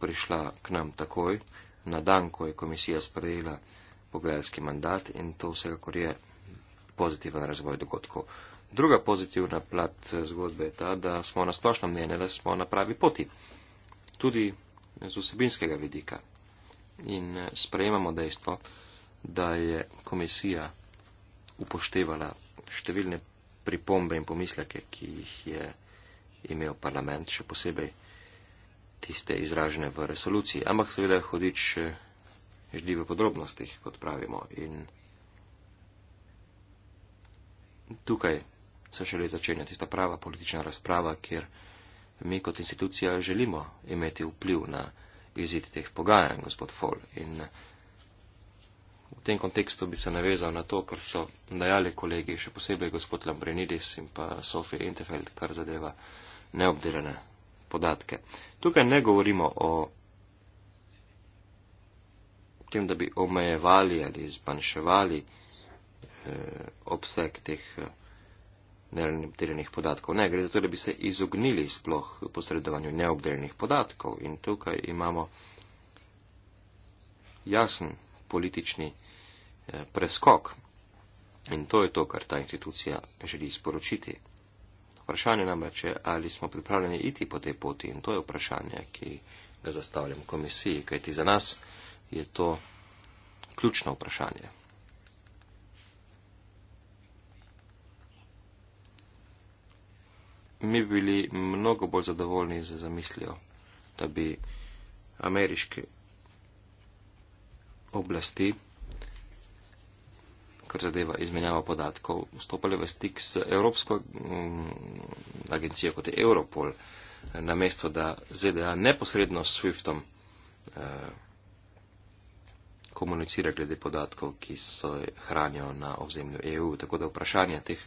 Speaker 1: prišla k nam takoj, na dan, ko je komisija sprejela pogajalski mandat in to vsekakor je pozitiven razvoj dogodkov. Druga pozitivna plat eh, zgodbe je ta, da smo na splošno mnenje, da smo na pravi poti, tudi z vsebinskega vidika. In eh, sprejemamo dejstvo, da je komisija upoštevala številne pripombe in pomisleke, ki jih je imel parlament, še posebej tiste izražene v resoluciji. Ampak seveda hodič eh, ždi v podrobnostih, kot pravimo. In tukaj se šele začenja tista prava politična razprava, kjer mi kot institucija želimo imeti vpliv na izid teh pogajanj, gospod Fol. In v tem kontekstu bi se navezal na to, kar so dajali kolegi, še posebej gospod Lambrinidis in pa Sofie Intefeld, kar zadeva neobdelene podatke. Tukaj ne govorimo o tem, da bi omejevali ali zmanjševali eh, obseg teh eh, neobdelenih podatkov. Ne, gre za to, da bi se izognili sploh posredovanju neobdelenih podatkov in tukaj imamo jasen politični eh, preskok. In to je to, kar ta institucija želi sporočiti. Vprašanje namreč je, ali smo pripravljeni iti po tej poti in to je vprašanje, ki ga zastavljam komisiji, kajti za nas je to ključno vprašanje. Mi bi bili mnogo bolj zadovoljni z zamislijo, da bi ameriški oblasti, kar zadeva izmenjava podatkov, vstopali v stik s Evropsko um, agencijo kot je Europol, na mesto, da ZDA neposredno s SWIFTom uh, komunicira glede podatkov, ki so hranijo na ozemlju EU. Tako da vprašanje teh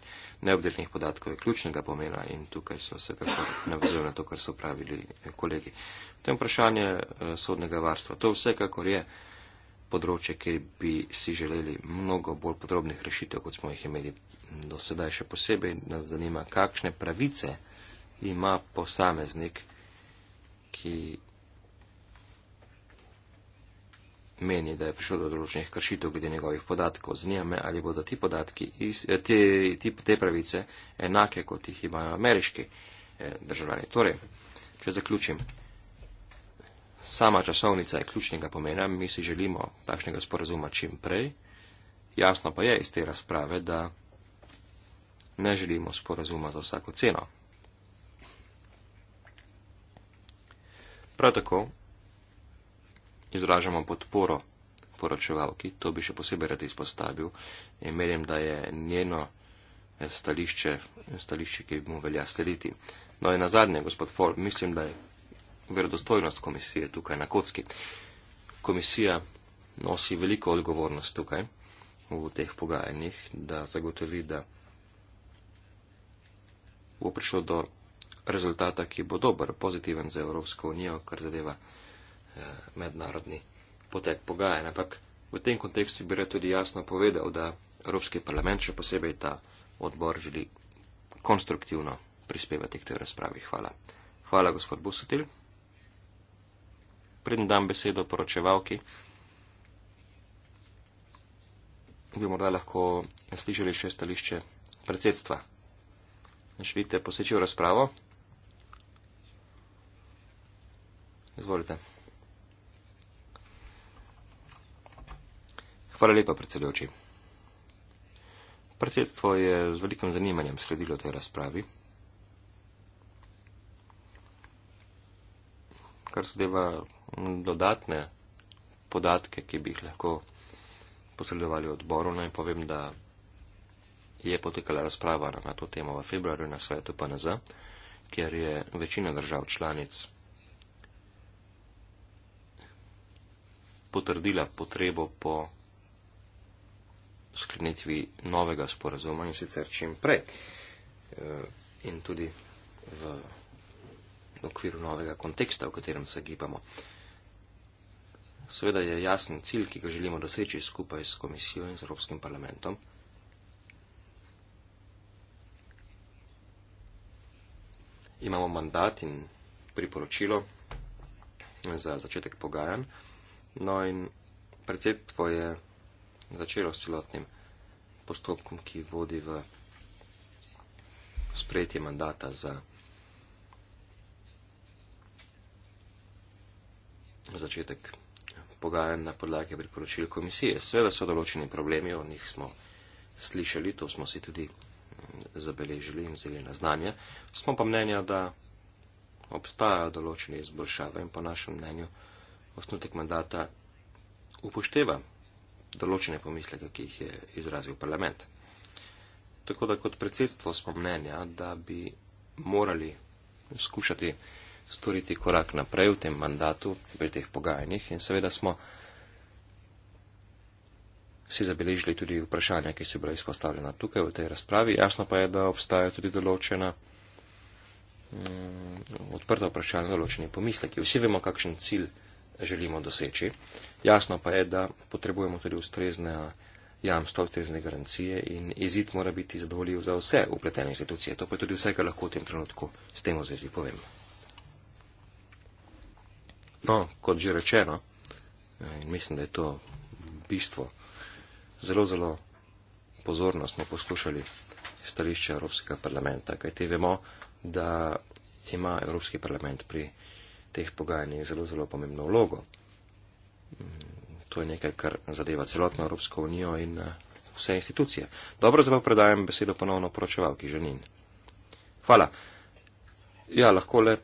Speaker 1: neobdelnih podatkov je ključnega pomena in tukaj so se kako navzel na to, kar so pravili eh, kolegi. To je vprašanje uh, sodnega varstva. To vsekakor je področje, kjer bi si želeli mnogo bolj podrobnih rešitev, kot smo jih imeli do sedaj. Še posebej nas zanima, kakšne pravice ima posameznik, ki meni, da je prišlo do določenih kršitev glede njegovih podatkov. Zanima me, ali bodo ti podatki, eh, te, te, te pravice enake, kot jih imajo ameriški eh, državljani. Torej, če zaključim. Sama časovnica je ključnega pomena, mi si želimo takšnega sporazuma čim prej. Jasno pa je iz te razprave, da ne želimo sporazuma za vsako ceno. Prav tako izražamo podporo poročevalki, to bi še posebej rad izpostavil in merim, da je njeno stališče, stališče, ki mu velja slediti. No in na zadnje, gospod Folk, mislim, da je verodostojnost komisije tukaj na kocki. Komisija nosi veliko odgovornost tukaj v teh pogajanjih, da zagotovi, da bo prišlo do rezultata, ki bo dober, pozitiven za Evropsko unijo, kar zadeva eh, mednarodni potek pogajanja. Ampak v tem kontekstu bi rad tudi jasno povedal, da Evropski parlament, še posebej ta odbor, želi konstruktivno prispevati k tej razpravi. Hvala. Hvala, gospod Busutil. Preden dam besedo poročevalki, bi morda lahko slišali še stališče predsedstva. Našvite posečil razpravo. Izvolite. Hvala lepa, predsedujoči. Predsedstvo je z velikim zanimanjem sledilo tej razpravi. Kar zadeva dodatne podatke, ki bi jih lahko posredovali odboru. Naj povem, da je potekala razprava na to temo v februarju na svetu PNZ, kjer je večina držav članic potrdila potrebo po sklenitvi novega sporazuma in sicer čim prej. Eh, in tudi v okviru novega konteksta, v katerem se gibamo. Sveda je jasen cilj, ki ga želimo doseči skupaj s komisijo in z Evropskim parlamentom. Imamo mandat in priporočilo za začetek pogajanj. No in predsedstvo je začelo s celotnim postopkom, ki vodi v sprejetje mandata za začetek pogajanj pogajanj na podlagi priporočil komisije. Sveda so določeni problemi, o njih smo slišali, to smo si tudi mm, zabeležili in vzeli na znanje. Smo pa mnenja, da obstajajo določene izboljšave in po našem mnenju osnutek mandata upošteva določene pomisleke, ki jih je izrazil parlament. Tako da kot predsedstvo smo mnenja, da bi morali skušati storiti korak naprej v tem mandatu, pri teh pogajanjih in seveda smo si zabeležili tudi vprašanja, ki so bila izpostavljena tukaj v tej razpravi. Jasno pa je, da obstajajo tudi določena um, odprta vprašanja, določeni pomisleki. Vsi vemo, kakšen cilj želimo doseči. Jasno pa je, da potrebujemo tudi ustrezne jamstva, ustrezne garancije in izid mora biti zadovoljiv za vse upletene institucije. To pa je tudi vse, kar lahko v tem trenutku s tem v zvezi povemo. No, kot že rečeno, eh, in mislim, da je to bistvo, zelo, zelo pozorno smo poslušali stališče Evropskega parlamenta, kajte vemo, da ima Evropski parlament pri teh pogajanjih zelo, zelo pomembno vlogo. Mm, to je nekaj, kar zadeva celotno Evropsko unijo in eh, vse institucije. Dobro, zdaj pa predajam besedo ponovno poročevalki Ženin. Hvala. Ja, lahko le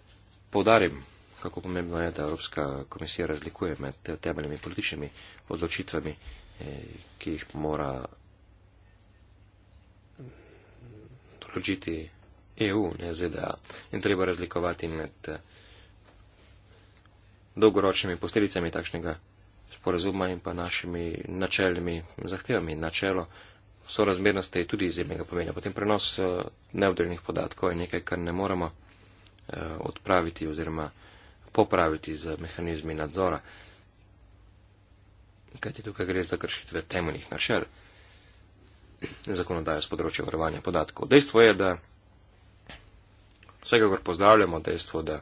Speaker 1: podarim kako pomembno je, da Evropska komisija razlikuje med temeljnimi političnimi odločitvami, eh, ki jih mora določiti EU, ne ZDA. In treba razlikovati med eh, dolgoročnimi posledicami takšnega sporazuma in pa našimi načeljnimi zahtevami. Načelo sorazmernosti je tudi izjemnega pomena. Potem prenos eh, neobdeljenih podatkov je nekaj, kar ne moremo odpraviti oziroma popraviti z mehanizmi nadzora, kajti tukaj gre za kršitve temeljnih načel zakonodaje z področja varovanja podatkov. Dejstvo je, da vsega, kar pozdravljamo, dejstvo, da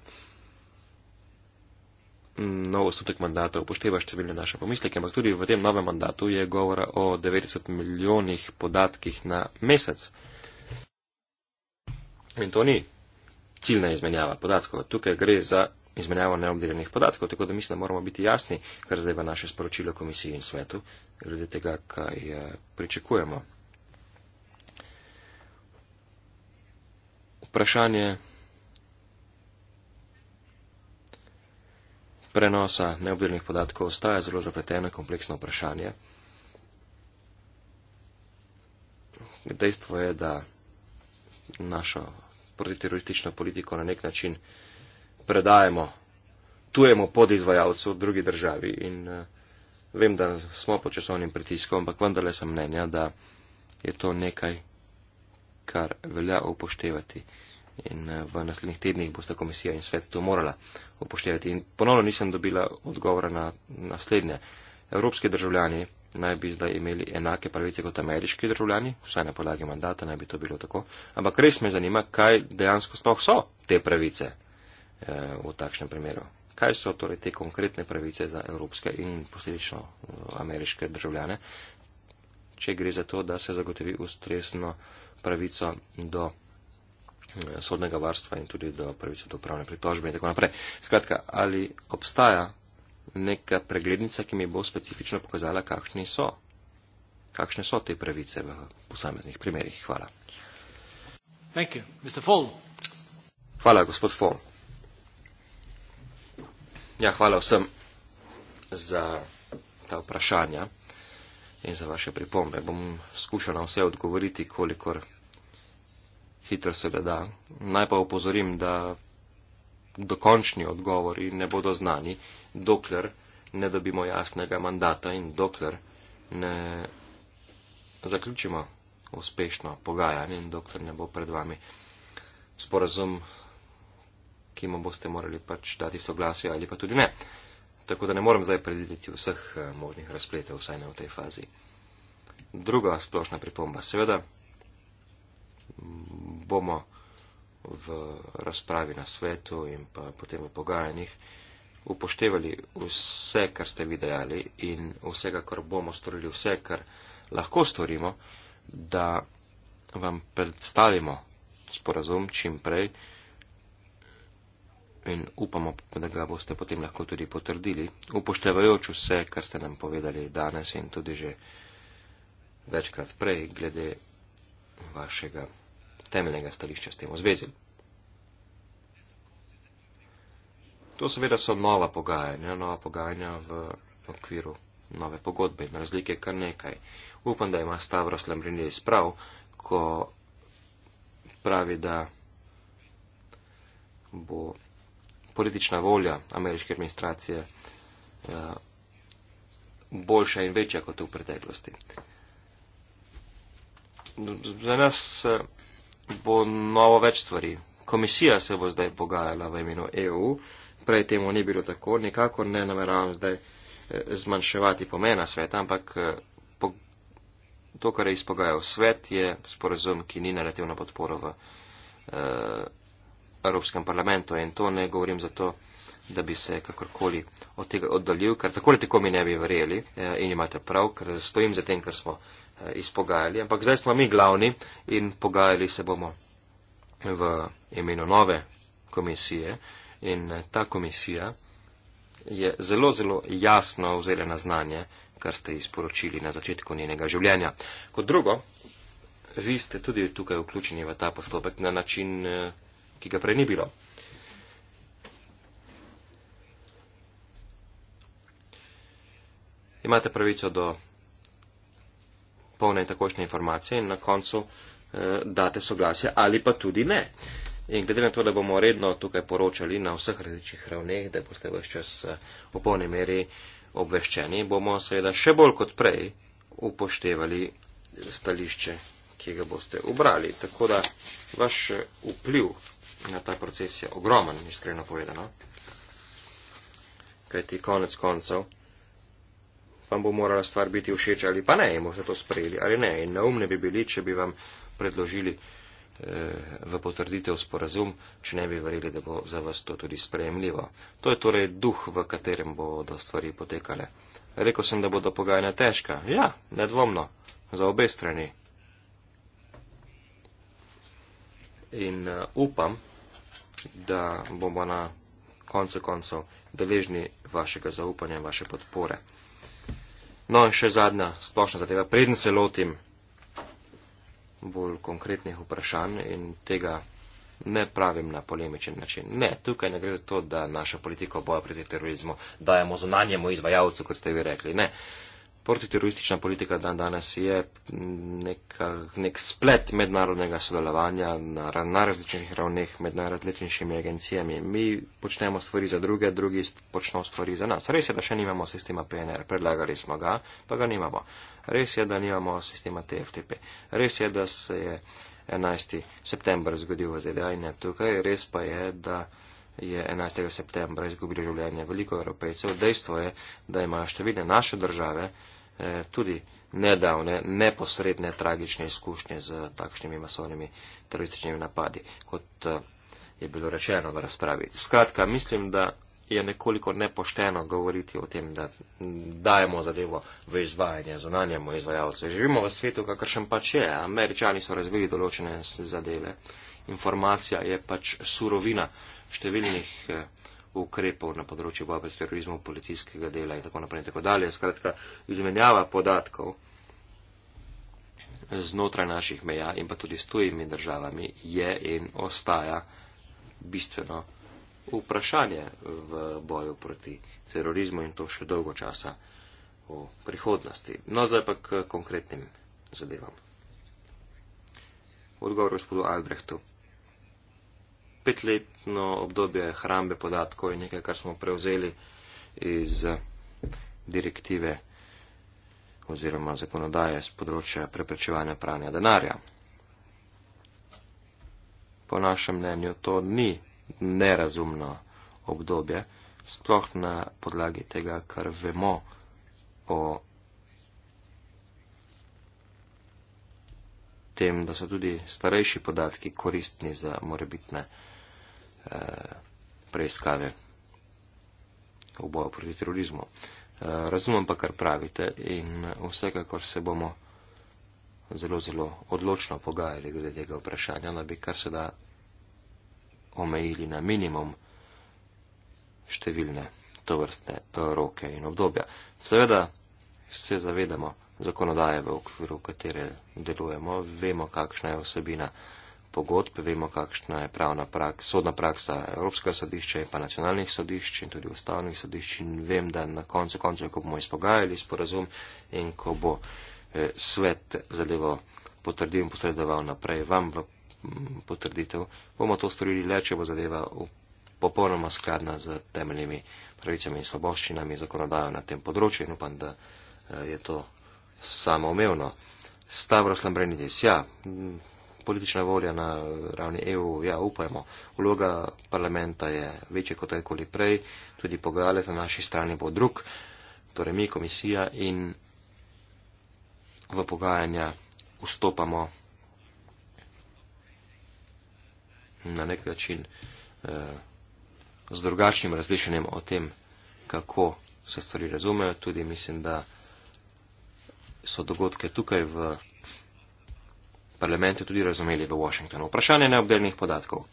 Speaker 1: nov osnutek mandata upošteva številne naše pomisleke, ampak tudi v tem novem mandatu je govora o 90 milijonih podatkih na mesec. In to ni ciljna izmenjava podatkov. Tukaj gre za izmenjava neobdeljenih podatkov, tako da mislim, da moramo biti jasni, kar zdaj v naše sporočilo komisiji in svetu, glede tega, kaj eh, pričakujemo. Vprašanje prenosa neobdeljenih podatkov ostaja zelo zapleteno, kompleksno vprašanje. Dejstvo je, da našo protiteroristično politiko na nek način predajemo tujemu podizvajalcu v drugi državi in uh, vem, da smo pod časovnim pritiskom, ampak vendarle sem mnenja, da je to nekaj, kar velja upoštevati in uh, v naslednjih tednih bosta komisija in svet to morala upoštevati. In ponovno nisem dobila odgovora na naslednje. Evropski državljani naj bi zdaj imeli enake pravice kot ameriški državljani, vsaj na podlagi mandata naj bi to bilo tako, ampak res me zanima, kaj dejansko sploh so te pravice. Eh, v takšnem primeru. Kaj so torej te konkretne pravice za evropske in posledično eh, ameriške državljane, če gre za to, da se zagotovi ustresno pravico do eh, sodnega varstva in tudi do pravice do upravne pritožbe in tako naprej. Skratka, ali obstaja neka preglednica, ki mi bo specifično pokazala, kakšni so, kakšne so te pravice v posameznih primerih. Hvala.
Speaker 2: Thank you, Mr. Fall.
Speaker 1: Hvala, gospod Fall. Ja, hvala vsem za ta vprašanja in za vaše pripombe. Bom skušal na vse odgovoriti, kolikor hitro se le da. Naj pa upozorim, da dokončni odgovori ne bodo znani, dokler ne dobimo jasnega mandata in dokler ne zaključimo uspešno pogajanje in dokler ne bo pred vami sporazum ki mu boste morali pač dati soglasje ali pa tudi ne. Tako da ne morem zdaj predvideti vseh eh, možnih razpletev, vsaj ne v tej fazi. Druga splošna pripomba. Seveda bomo v razpravi na svetu in pa potem v pogajanjih upoštevali vse, kar ste vi dejali in vsega, kar bomo storili, vse, kar lahko storimo, da vam predstavimo sporazum čim prej in upamo, da ga boste potem lahko tudi potrdili, upoštevajoč vse, kar ste nam povedali danes in tudi že večkrat prej, glede vašega temeljnega stališča s tem v zvezi. To seveda so nova pogajanja, nova pogajanja v okviru nove pogodbe in razlike kar nekaj. Upam, da ima Stavros Lambrini izprav, ko pravi, da bo politična volja ameriške administracije eh, boljša in večja kot v preteklosti. Za nas eh, bo novo več stvari. Komisija se bo zdaj pogajala v imenu EU, prej temu ni bilo tako, nikako ne nameravam zdaj eh, zmanjševati pomena sveta, ampak to, kar je izpogajal svet, je sporozum, ki ni narativna podpora v Evropskem parlamentu in to ne govorim zato, da bi se kakorkoli od tega oddaljil, ker tako ali tako mi ne bi verjeli e, in imate prav, ker stojim za tem, kar smo e, izpogajali, ampak zdaj smo mi glavni in pogajali se bomo v imenu nove komisije in e, ta komisija je zelo, zelo jasno vzela na znanje, kar ste izporočili na začetku njenega življenja. Kot drugo, vi ste tudi tukaj vključeni v ta postopek na način ki ga prej ni bilo. Imate pravico do polne in takošne informacije in na koncu eh, date soglasje ali pa tudi ne. In glede na to, da bomo redno tukaj poročali na vseh različnih ravneh, da boste vse čas eh, v polni meri obveščeni, bomo seveda še bolj kot prej upoštevali stališče, ki ga boste ubrali. Tako da vaš eh, vpliv na ta proces je ogromen, iskreno povedano. Kaj ti konec koncev, vam bo morala stvar biti všeč ali pa ne, in boste to sprejeli ali ne. In neumne bi bili, če bi vam predložili eh, v potrditev sporazum, če ne bi verjeli, da bo za vas to tudi sprejemljivo. To je torej duh, v katerem bodo stvari potekale. Rekl sem, da bodo pogajanja težka. Ja, nedvomno, za obe strani. in uh, upam, da bomo na koncu koncev deležni vašega zaupanja in vaše podpore. No in še zadnja splošna zadeva, preden se lotim bolj konkretnih vprašanj in tega ne pravim na polemičen način. Ne, tukaj ne gre za to, da naša politika boja proti terorizmu dajemo zunanjemu izvajalcu, kot ste vi rekli. Ne, uh, protiteroristična politika dan danes je neka, nek splet mednarodnega sodelovanja na, na različnih ravneh med najrazličnejšimi agencijami. Mi počnemo stvari za druge, drugi počnemo stvari za nas. Res je, da še nimamo sistema PNR, predlagali smo ga, pa ga nimamo. Res je, da nimamo sistema TFTP. Res je, da se je 11. september zgodil v ZDA in ne tukaj. Res pa je, da je 11. septembra izgubilo življenje veliko evropejcev. Dejstvo je, da imajo številne naše države, Eh, tudi nedavne, neposredne tragične izkušnje z takšnimi masovnimi terorističnimi napadi, kot eh, je bilo rečeno v razpravi. Skratka, mislim, da je nekoliko nepošteno govoriti o tem, da dajemo zadevo v izvajanje zunanjemu izvajalcu. Živimo v svetu, kakršen pač je. Američani so razvili določene zadeve. Informacija je pač surovina številnih eh, ukrepov na področju boja s terorizmom, policijskega dela in tako naprej in tako dalje. Skratka, izmenjava podatkov znotraj naših meja in pa tudi s tujimi državami je in ostaja bistveno vprašanje v boju proti terorizmu in to še dolgo časa v prihodnosti. No, zdaj pa k konkretnim zadevam. Odgovor gospodu Albrehtu petletno obdobje hrambe podatkov je nekaj, kar smo prevzeli iz direktive oziroma zakonodaje z področja preprečevanja pranja denarja. Po našem mnenju to ni nerazumno obdobje, sploh na podlagi tega, kar vemo o tem, da so tudi starejši podatki koristni za morebitne. Eh, preiskave v boju proti terorizmu. Eh, razumem pa, kar pravite in vsekakor se bomo zelo, zelo odločno pogajali glede tega vprašanja, da bi kar se da omejili na minimum številne tovrstne roke in obdobja. Seveda se zavedamo zakonodaje, v okviru katere delujemo, vemo, kakšna je osebina pogodb, vemo, kakšna je pravna praks, sodna praksa Evropskega sodišča in pa nacionalnih sodišč in tudi ustavnih sodišč in vem, da na koncu koncu, ko bomo izpogajali sporazum in ko bo eh, svet zadevo potrdil in posredoval naprej vam v potrditev, bomo to storili le, če bo zadeva v, popolnoma skladna z temeljnimi pravicami in sloboščinami zakonodajo na tem področju in upam, da eh, je to samoumevno. Stavros Lambrenidis, ja. Hm, politična volja na ravni EU, ja, upajmo. Vloga parlamenta je večja kot kajkoli prej, tudi pogajalec na naši strani bo drug, torej mi, komisija in v pogajanja vstopamo na nek način eh, z drugačnim razmišljanjem o tem, kako se stvari razumejo. Tudi mislim, da so dogodke tukaj v parlamentu tudi razumeli v Washingtonu. Vprašanje neobdelnih podatkov.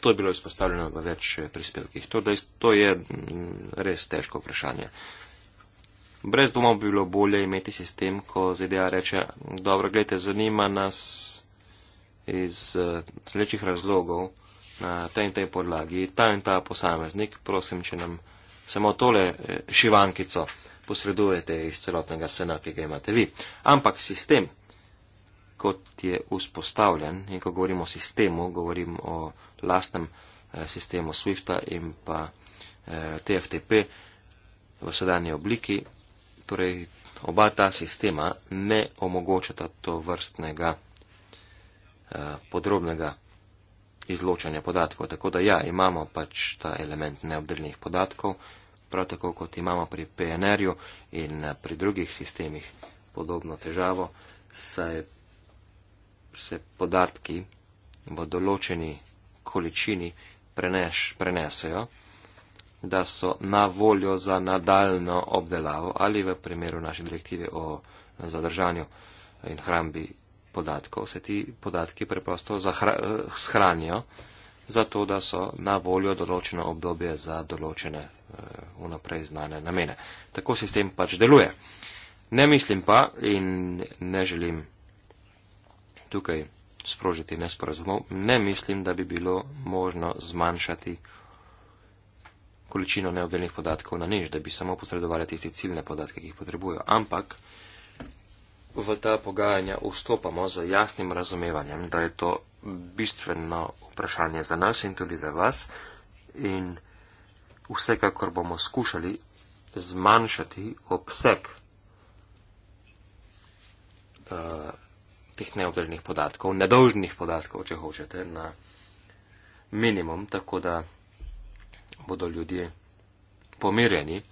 Speaker 1: To je bilo izpostavljeno v več prispevkih. To, da, to je mm, res težko vprašanje. Brez dvoma bi bilo bolje imeti sistem, ko ZDA reče, dobro, gledajte, zanima nas iz sledečih eh, razlogov na tej in tej podlagi ta in ta posameznik, prosim, če nam samo tole eh, šivankico posredujete iz celotnega sena, ki ga imate vi. Ampak sistem, kot je vzpostavljen, in ko govorim o sistemu, govorim o lastnem eh, sistemu SWIFT-a in pa eh, TFTP v sedanji obliki, torej oba ta sistema ne omogočata to vrstnega podrobnega izločanja podatkov. Tako da ja, imamo pač ta element neobdelnih podatkov, prav tako kot imamo pri PNR-ju in eh, pri drugih sistemih podobno težavo, saj se podatki v določeni količini preneš, prenesejo, da so na voljo za nadaljno obdelavo ali v primeru naše direktive o zadržanju in hrambi podatkov. Se ti podatki preprosto zahra, eh, shranijo, zato da so na voljo določeno obdobje za določene Eh, vnaprej znane namene. Tako sistem pač deluje. Ne mislim pa in ne želim tukaj sprožiti nesporazumov, ne mislim, da bi bilo možno zmanjšati količino neobdelnih podatkov na niž, da bi samo posredovali tiste ciljne podatke, ki jih potrebujo. Ampak v ta pogajanja vstopamo z jasnim razumevanjem, da je to bistveno vprašanje za nas in tudi za vas. In vsekakor bomo skušali zmanjšati obseg uh, teh neobdelnih podatkov, nedolžnih podatkov, če hočete, na minimum, tako da bodo ljudje pomirjeni,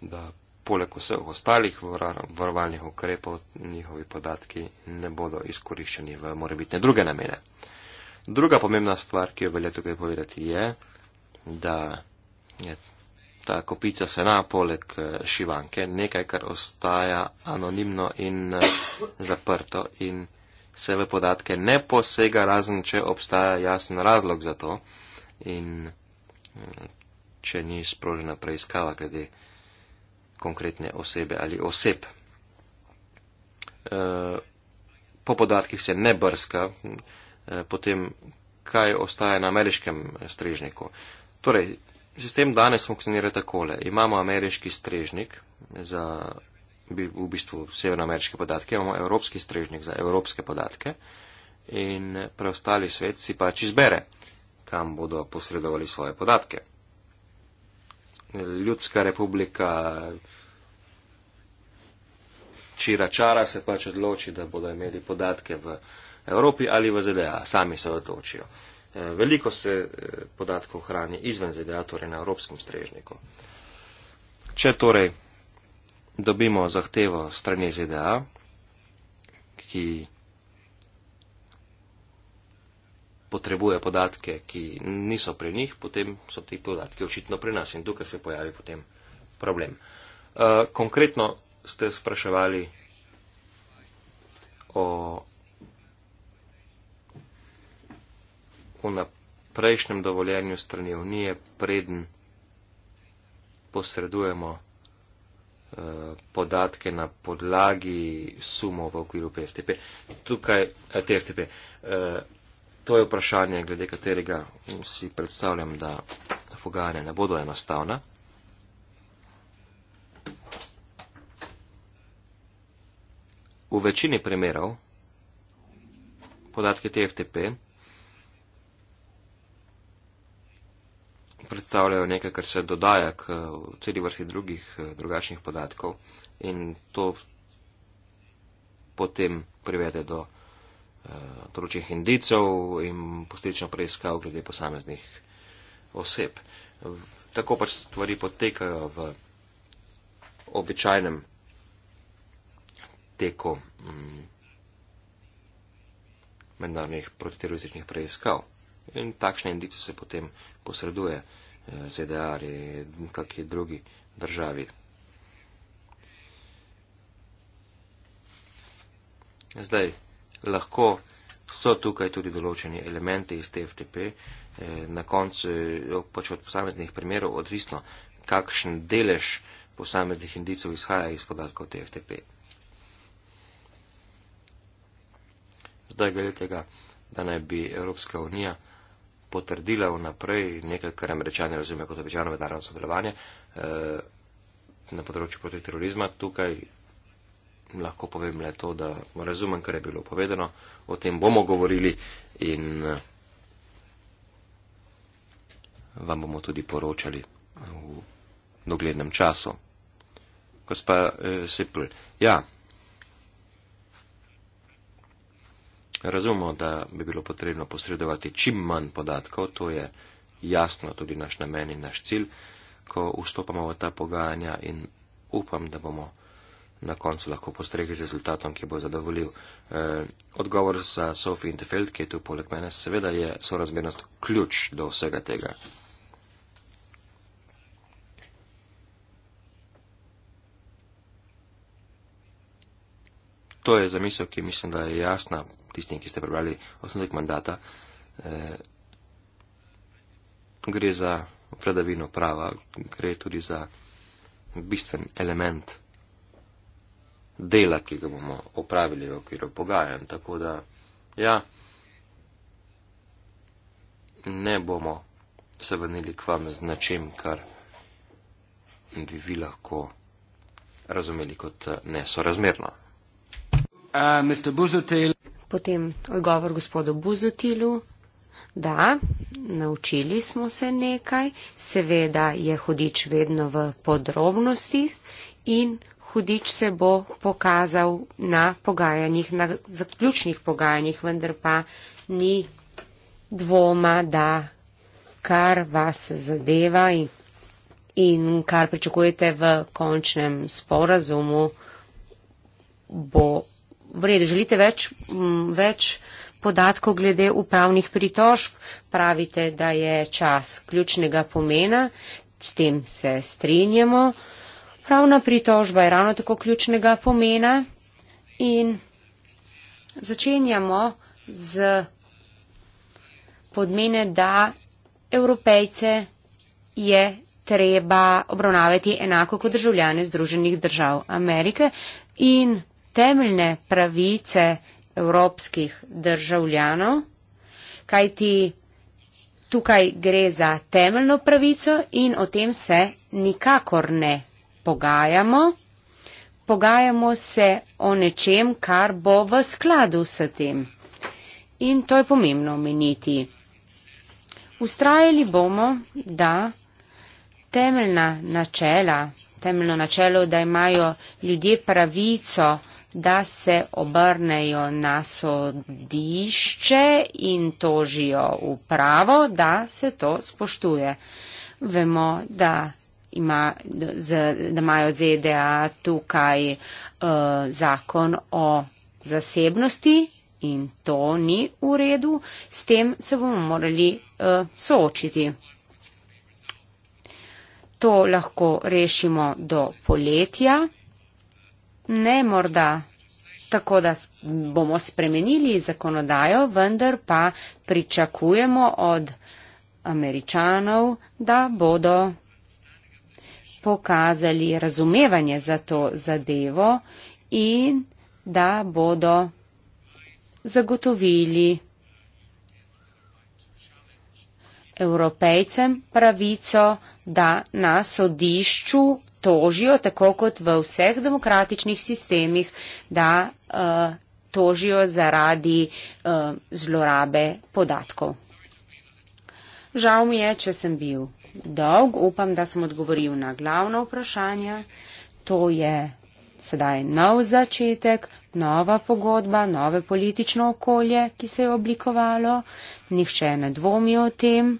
Speaker 1: da poleg vseh ostalih varovalnih ukrepov njihovi podatki ne bodo izkoriščeni v morebitne druge namene. Druga pomembna stvar, ki jo velja tukaj povedati, je, da je ta kopica sena poleg eh, šivanke nekaj, kar ostaja anonimno in eh, zaprto in se v podatke ne posega, razen če obstaja jasen razlog za to in eh, če ni sprožena preiskava glede konkretne osebe ali oseb. Po podatkih se ne brska, potem kaj ostaje na ameriškem strežniku. Torej, Sistem danes funkcionira takole. Imamo ameriški strežnik za v bistvu severnoameriške podatke, imamo evropski strežnik za evropske podatke in preostali svet si pač izbere, kam bodo posredovali svoje podatke. Ljudska republika čira čara se pač odloči, da bodo imeli podatke v Evropi ali v ZDA. Sami se odločijo. Eh, veliko se eh, podatkov hrani izven ZDA, torej na evropskem strežniku. Če torej dobimo zahtevo strani ZDA, ki potrebuje podatke, ki niso pri njih, potem so ti podatki očitno pri nas in tukaj se pojavi potem problem. Eh, konkretno ste spraševali o v prejšnjem dovoljenju strani Unije, preden posredujemo eh, podatke na podlagi sumo v okviru PFTP. Tukaj, eh, TFTP, eh, to je vprašanje, glede katerega si predstavljam, da pogajanja ne bodo enostavna. V večini primerov podatke TFTP predstavljajo nekaj, kar se dodaja k eh, celi vrsti drugih eh, drugačnih podatkov in to potem privede do eh, določenih uh, indicov in posledično preiskav glede posameznih oseb. V, tako pač stvari potekajo v običajnem teku mm, mednarodnih protiterorističnih preiskav. In takšne indice se potem posreduje eh, ZDA ali kakšni drugi državi. Zdaj, lahko so tukaj tudi določeni elementi iz TFTP, eh, na koncu pač od posameznih primerov odvisno, kakšen delež posameznih indicov izhaja iz podatkov TFTP. Zdaj, glede tega, da naj bi Evropska unija potrdila vnaprej nekaj, kar američani razume kot običajno mednarodno sodelovanje eh, na področju proti terorizma. Tukaj lahko povem le to, da razumem, kar je bilo povedano, o tem bomo govorili in eh, vam bomo tudi poročali v doglednem času. Gospa eh, Sipl, ja. Razumemo, da bi bilo potrebno posredovati čim manj podatkov, to je jasno tudi naš namen in naš cilj, ko vstopamo v ta pogajanja in upam, da bomo na koncu lahko postregli z rezultatom, ki bo zadovoljiv. E, odgovor za Sophie Intefeld, ki je tu poleg mene, seveda je sorazmernost ključ do vsega tega. To je zamisel, ki mislim, da je jasna tisti, ki ste prebrali osnovek mandata, eh, gre za vladavino prava, gre tudi za bistven element dela, ki ga bomo opravili v okviru pogajanj. Tako da, ja, ne bomo se vrnili k vam z načem, kar bi vi lahko razumeli kot eh, nesorazmerno. Uh, eh, Mr.
Speaker 2: Buzotel. Potem odgovor gospodu Buzotilu. Da, naučili smo se nekaj, seveda je hudič vedno v podrobnostih in hudič se bo pokazal na pogajanjih, na zaključnih pogajanjih, vendar pa ni dvoma, da kar vas zadeva in, in kar pričakujete v končnem sporazumu bo v redu, želite več, m, mm, več podatkov glede upravnih pritožb, pravite, da je čas ključnega pomena, s tem se strinjamo. Pravna pritožba je ravno tako ključnega pomena in začenjamo z podmene, da evropejce je treba obravnavati enako kot državljane Združenih držav Amerike in temeljne pravice evropskih državljanov, kajti tukaj gre za temeljno pravico in o tem se nikakor ne pogajamo. Pogajamo se o nečem, kar bo v skladu s tem. In to je pomembno omeniti. Ustrajali bomo, da temeljna načela, temeljno načelo, da imajo ljudje pravico, da se obrnejo na sodišče in tožijo upravo, da se to spoštuje. Vemo, da, ima, da imajo ZDA tukaj uh, zakon o zasebnosti in to ni v redu, s tem se bomo morali uh, soočiti. To lahko rešimo do poletja ne morda tako, da bomo spremenili zakonodajo, vendar pa pričakujemo od američanov, da bodo pokazali razumevanje za to zadevo in da bodo zagotovili evropejcem pravico da na sodišču tožijo, tako kot v vseh demokratičnih sistemih, da uh, tožijo zaradi uh, zlorabe podatkov. Žal mi je, če sem bil dolg, upam, da sem odgovoril na glavno vprašanje. To je sedaj nov začetek, nova pogodba, nove politično okolje, ki se je oblikovalo. Nihče ne dvomi o tem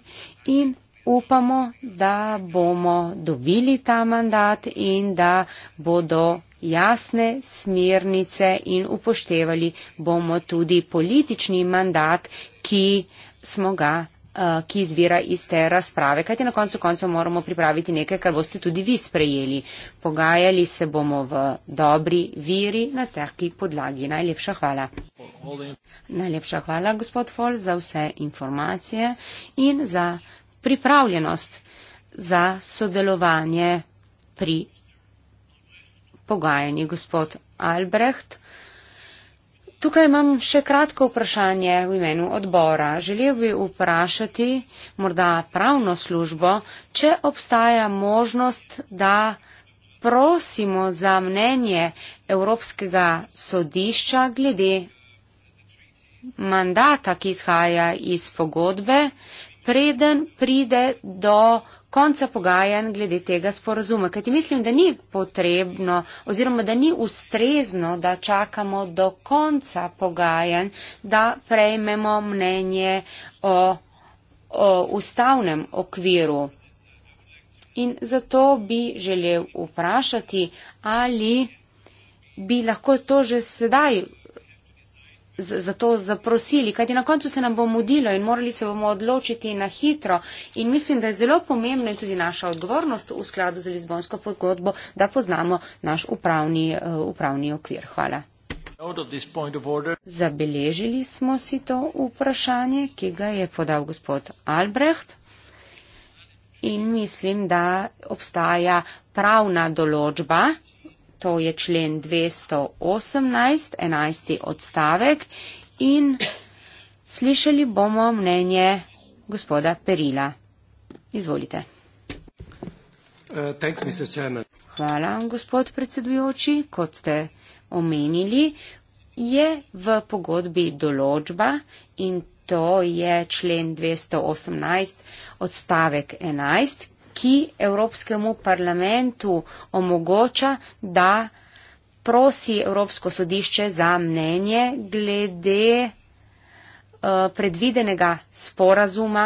Speaker 2: in upamo, da bomo dobili ta mandat in da bodo jasne smernice in upoštevali bomo tudi politični mandat, ki smo ga eh, ki izvira iz te razprave, kajti na koncu konca moramo pripraviti nekaj, kar boste tudi vi sprejeli. Pogajali se bomo v dobri viri na taki podlagi. Najlepša hvala. Najlepša hvala, gospod Fol, za vse informacije in za pripravljenost za sodelovanje pri pogajanji, gospod Albrecht. Tukaj imam še kratko vprašanje v imenu odbora. Želel bi vprašati morda pravno službo, če obstaja možnost, da prosimo za mnenje Evropskega sodišča glede mandata, ki izhaja iz pogodbe, preden pride do konca pogajanj glede tega sporazuma. Kajti mislim, da ni potrebno oziroma da ni ustrezno, da čakamo do konca pogajanj, da prejmemo mnenje o, o ustavnem okviru. In zato bi želel vprašati, ali bi lahko to že sedaj za to zaprosili, kajti na koncu se nam bo mudilo in morali se bomo odločiti na hitro. In mislim, da je zelo pomembno in tudi naša odgovornost v skladu z Lizbonsko pogodbo, da poznamo naš upravni, eh, upravni okvir. Hvala. Zabeležili smo si to vprašanje, ki ga je podal gospod Albrecht. In mislim, da obstaja pravna določba, to je člen 218, 11. odstavek in slišali bomo mnenje gospoda Perila. Izvolite. Uh, Hvala, gospod predsedujoči. Kot ste omenili, je v pogodbi določba in to je člen 218 odstavek 11, ki Evropskemu parlamentu omogoča, da prosi Evropsko sodišče za mnenje glede uh, predvidenega sporazuma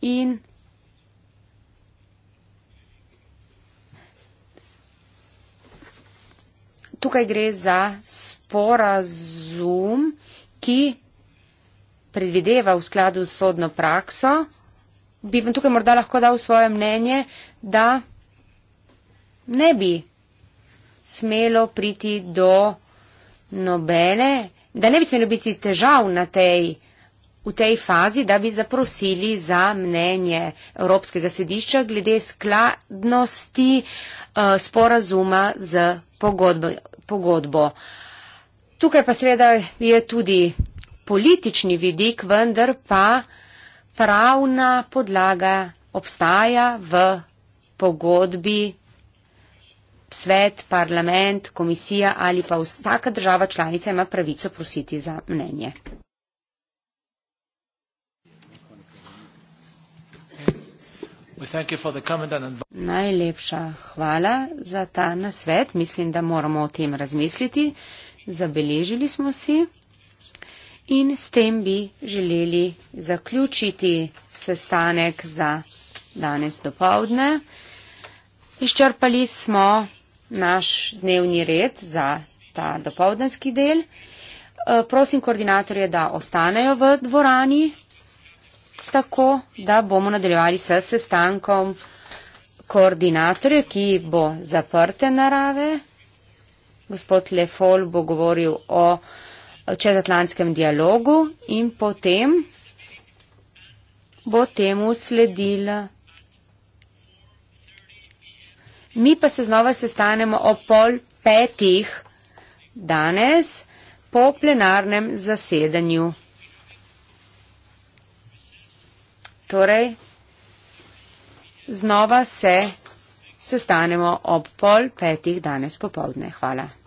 Speaker 2: in tukaj gre za sporazum, ki predvideva v skladu s sodno prakso bi vam tukaj morda lahko dal svoje mnenje, da ne bi smelo priti do nobene, da ne bi smelo biti težav na tej v tej fazi, da bi zaprosili za mnenje Evropskega sedišča glede skladnosti uh, sporazuma z pogodbo, pogodbo. Tukaj pa seveda je tudi politični vidik, vendar pa uh, pravna podlaga obstaja v pogodbi svet, parlament, komisija ali pa vsaka država članica ima pravico prositi za mnenje. Najlepša hvala za ta nasvet. Mislim, da moramo o tem razmisliti. Zabeležili smo si in s tem bi želeli zaključiti sestanek za danes dopovdne. Izčrpali smo naš dnevni red za ta dopovdenski del. Eh, prosim koordinatorje, da ostanejo v dvorani, tako da bomo nadaljevali s sestankom koordinatorja, ki bo zaprte narave. Gospod Lefol bo govoril o čezatlantskem dialogu in potem bo temu sledila. Mi pa se znova sestanemo o pol petih danes po plenarnem zasedanju. Torej, znova se sestanemo ob pol petih danes popovdne. Hvala.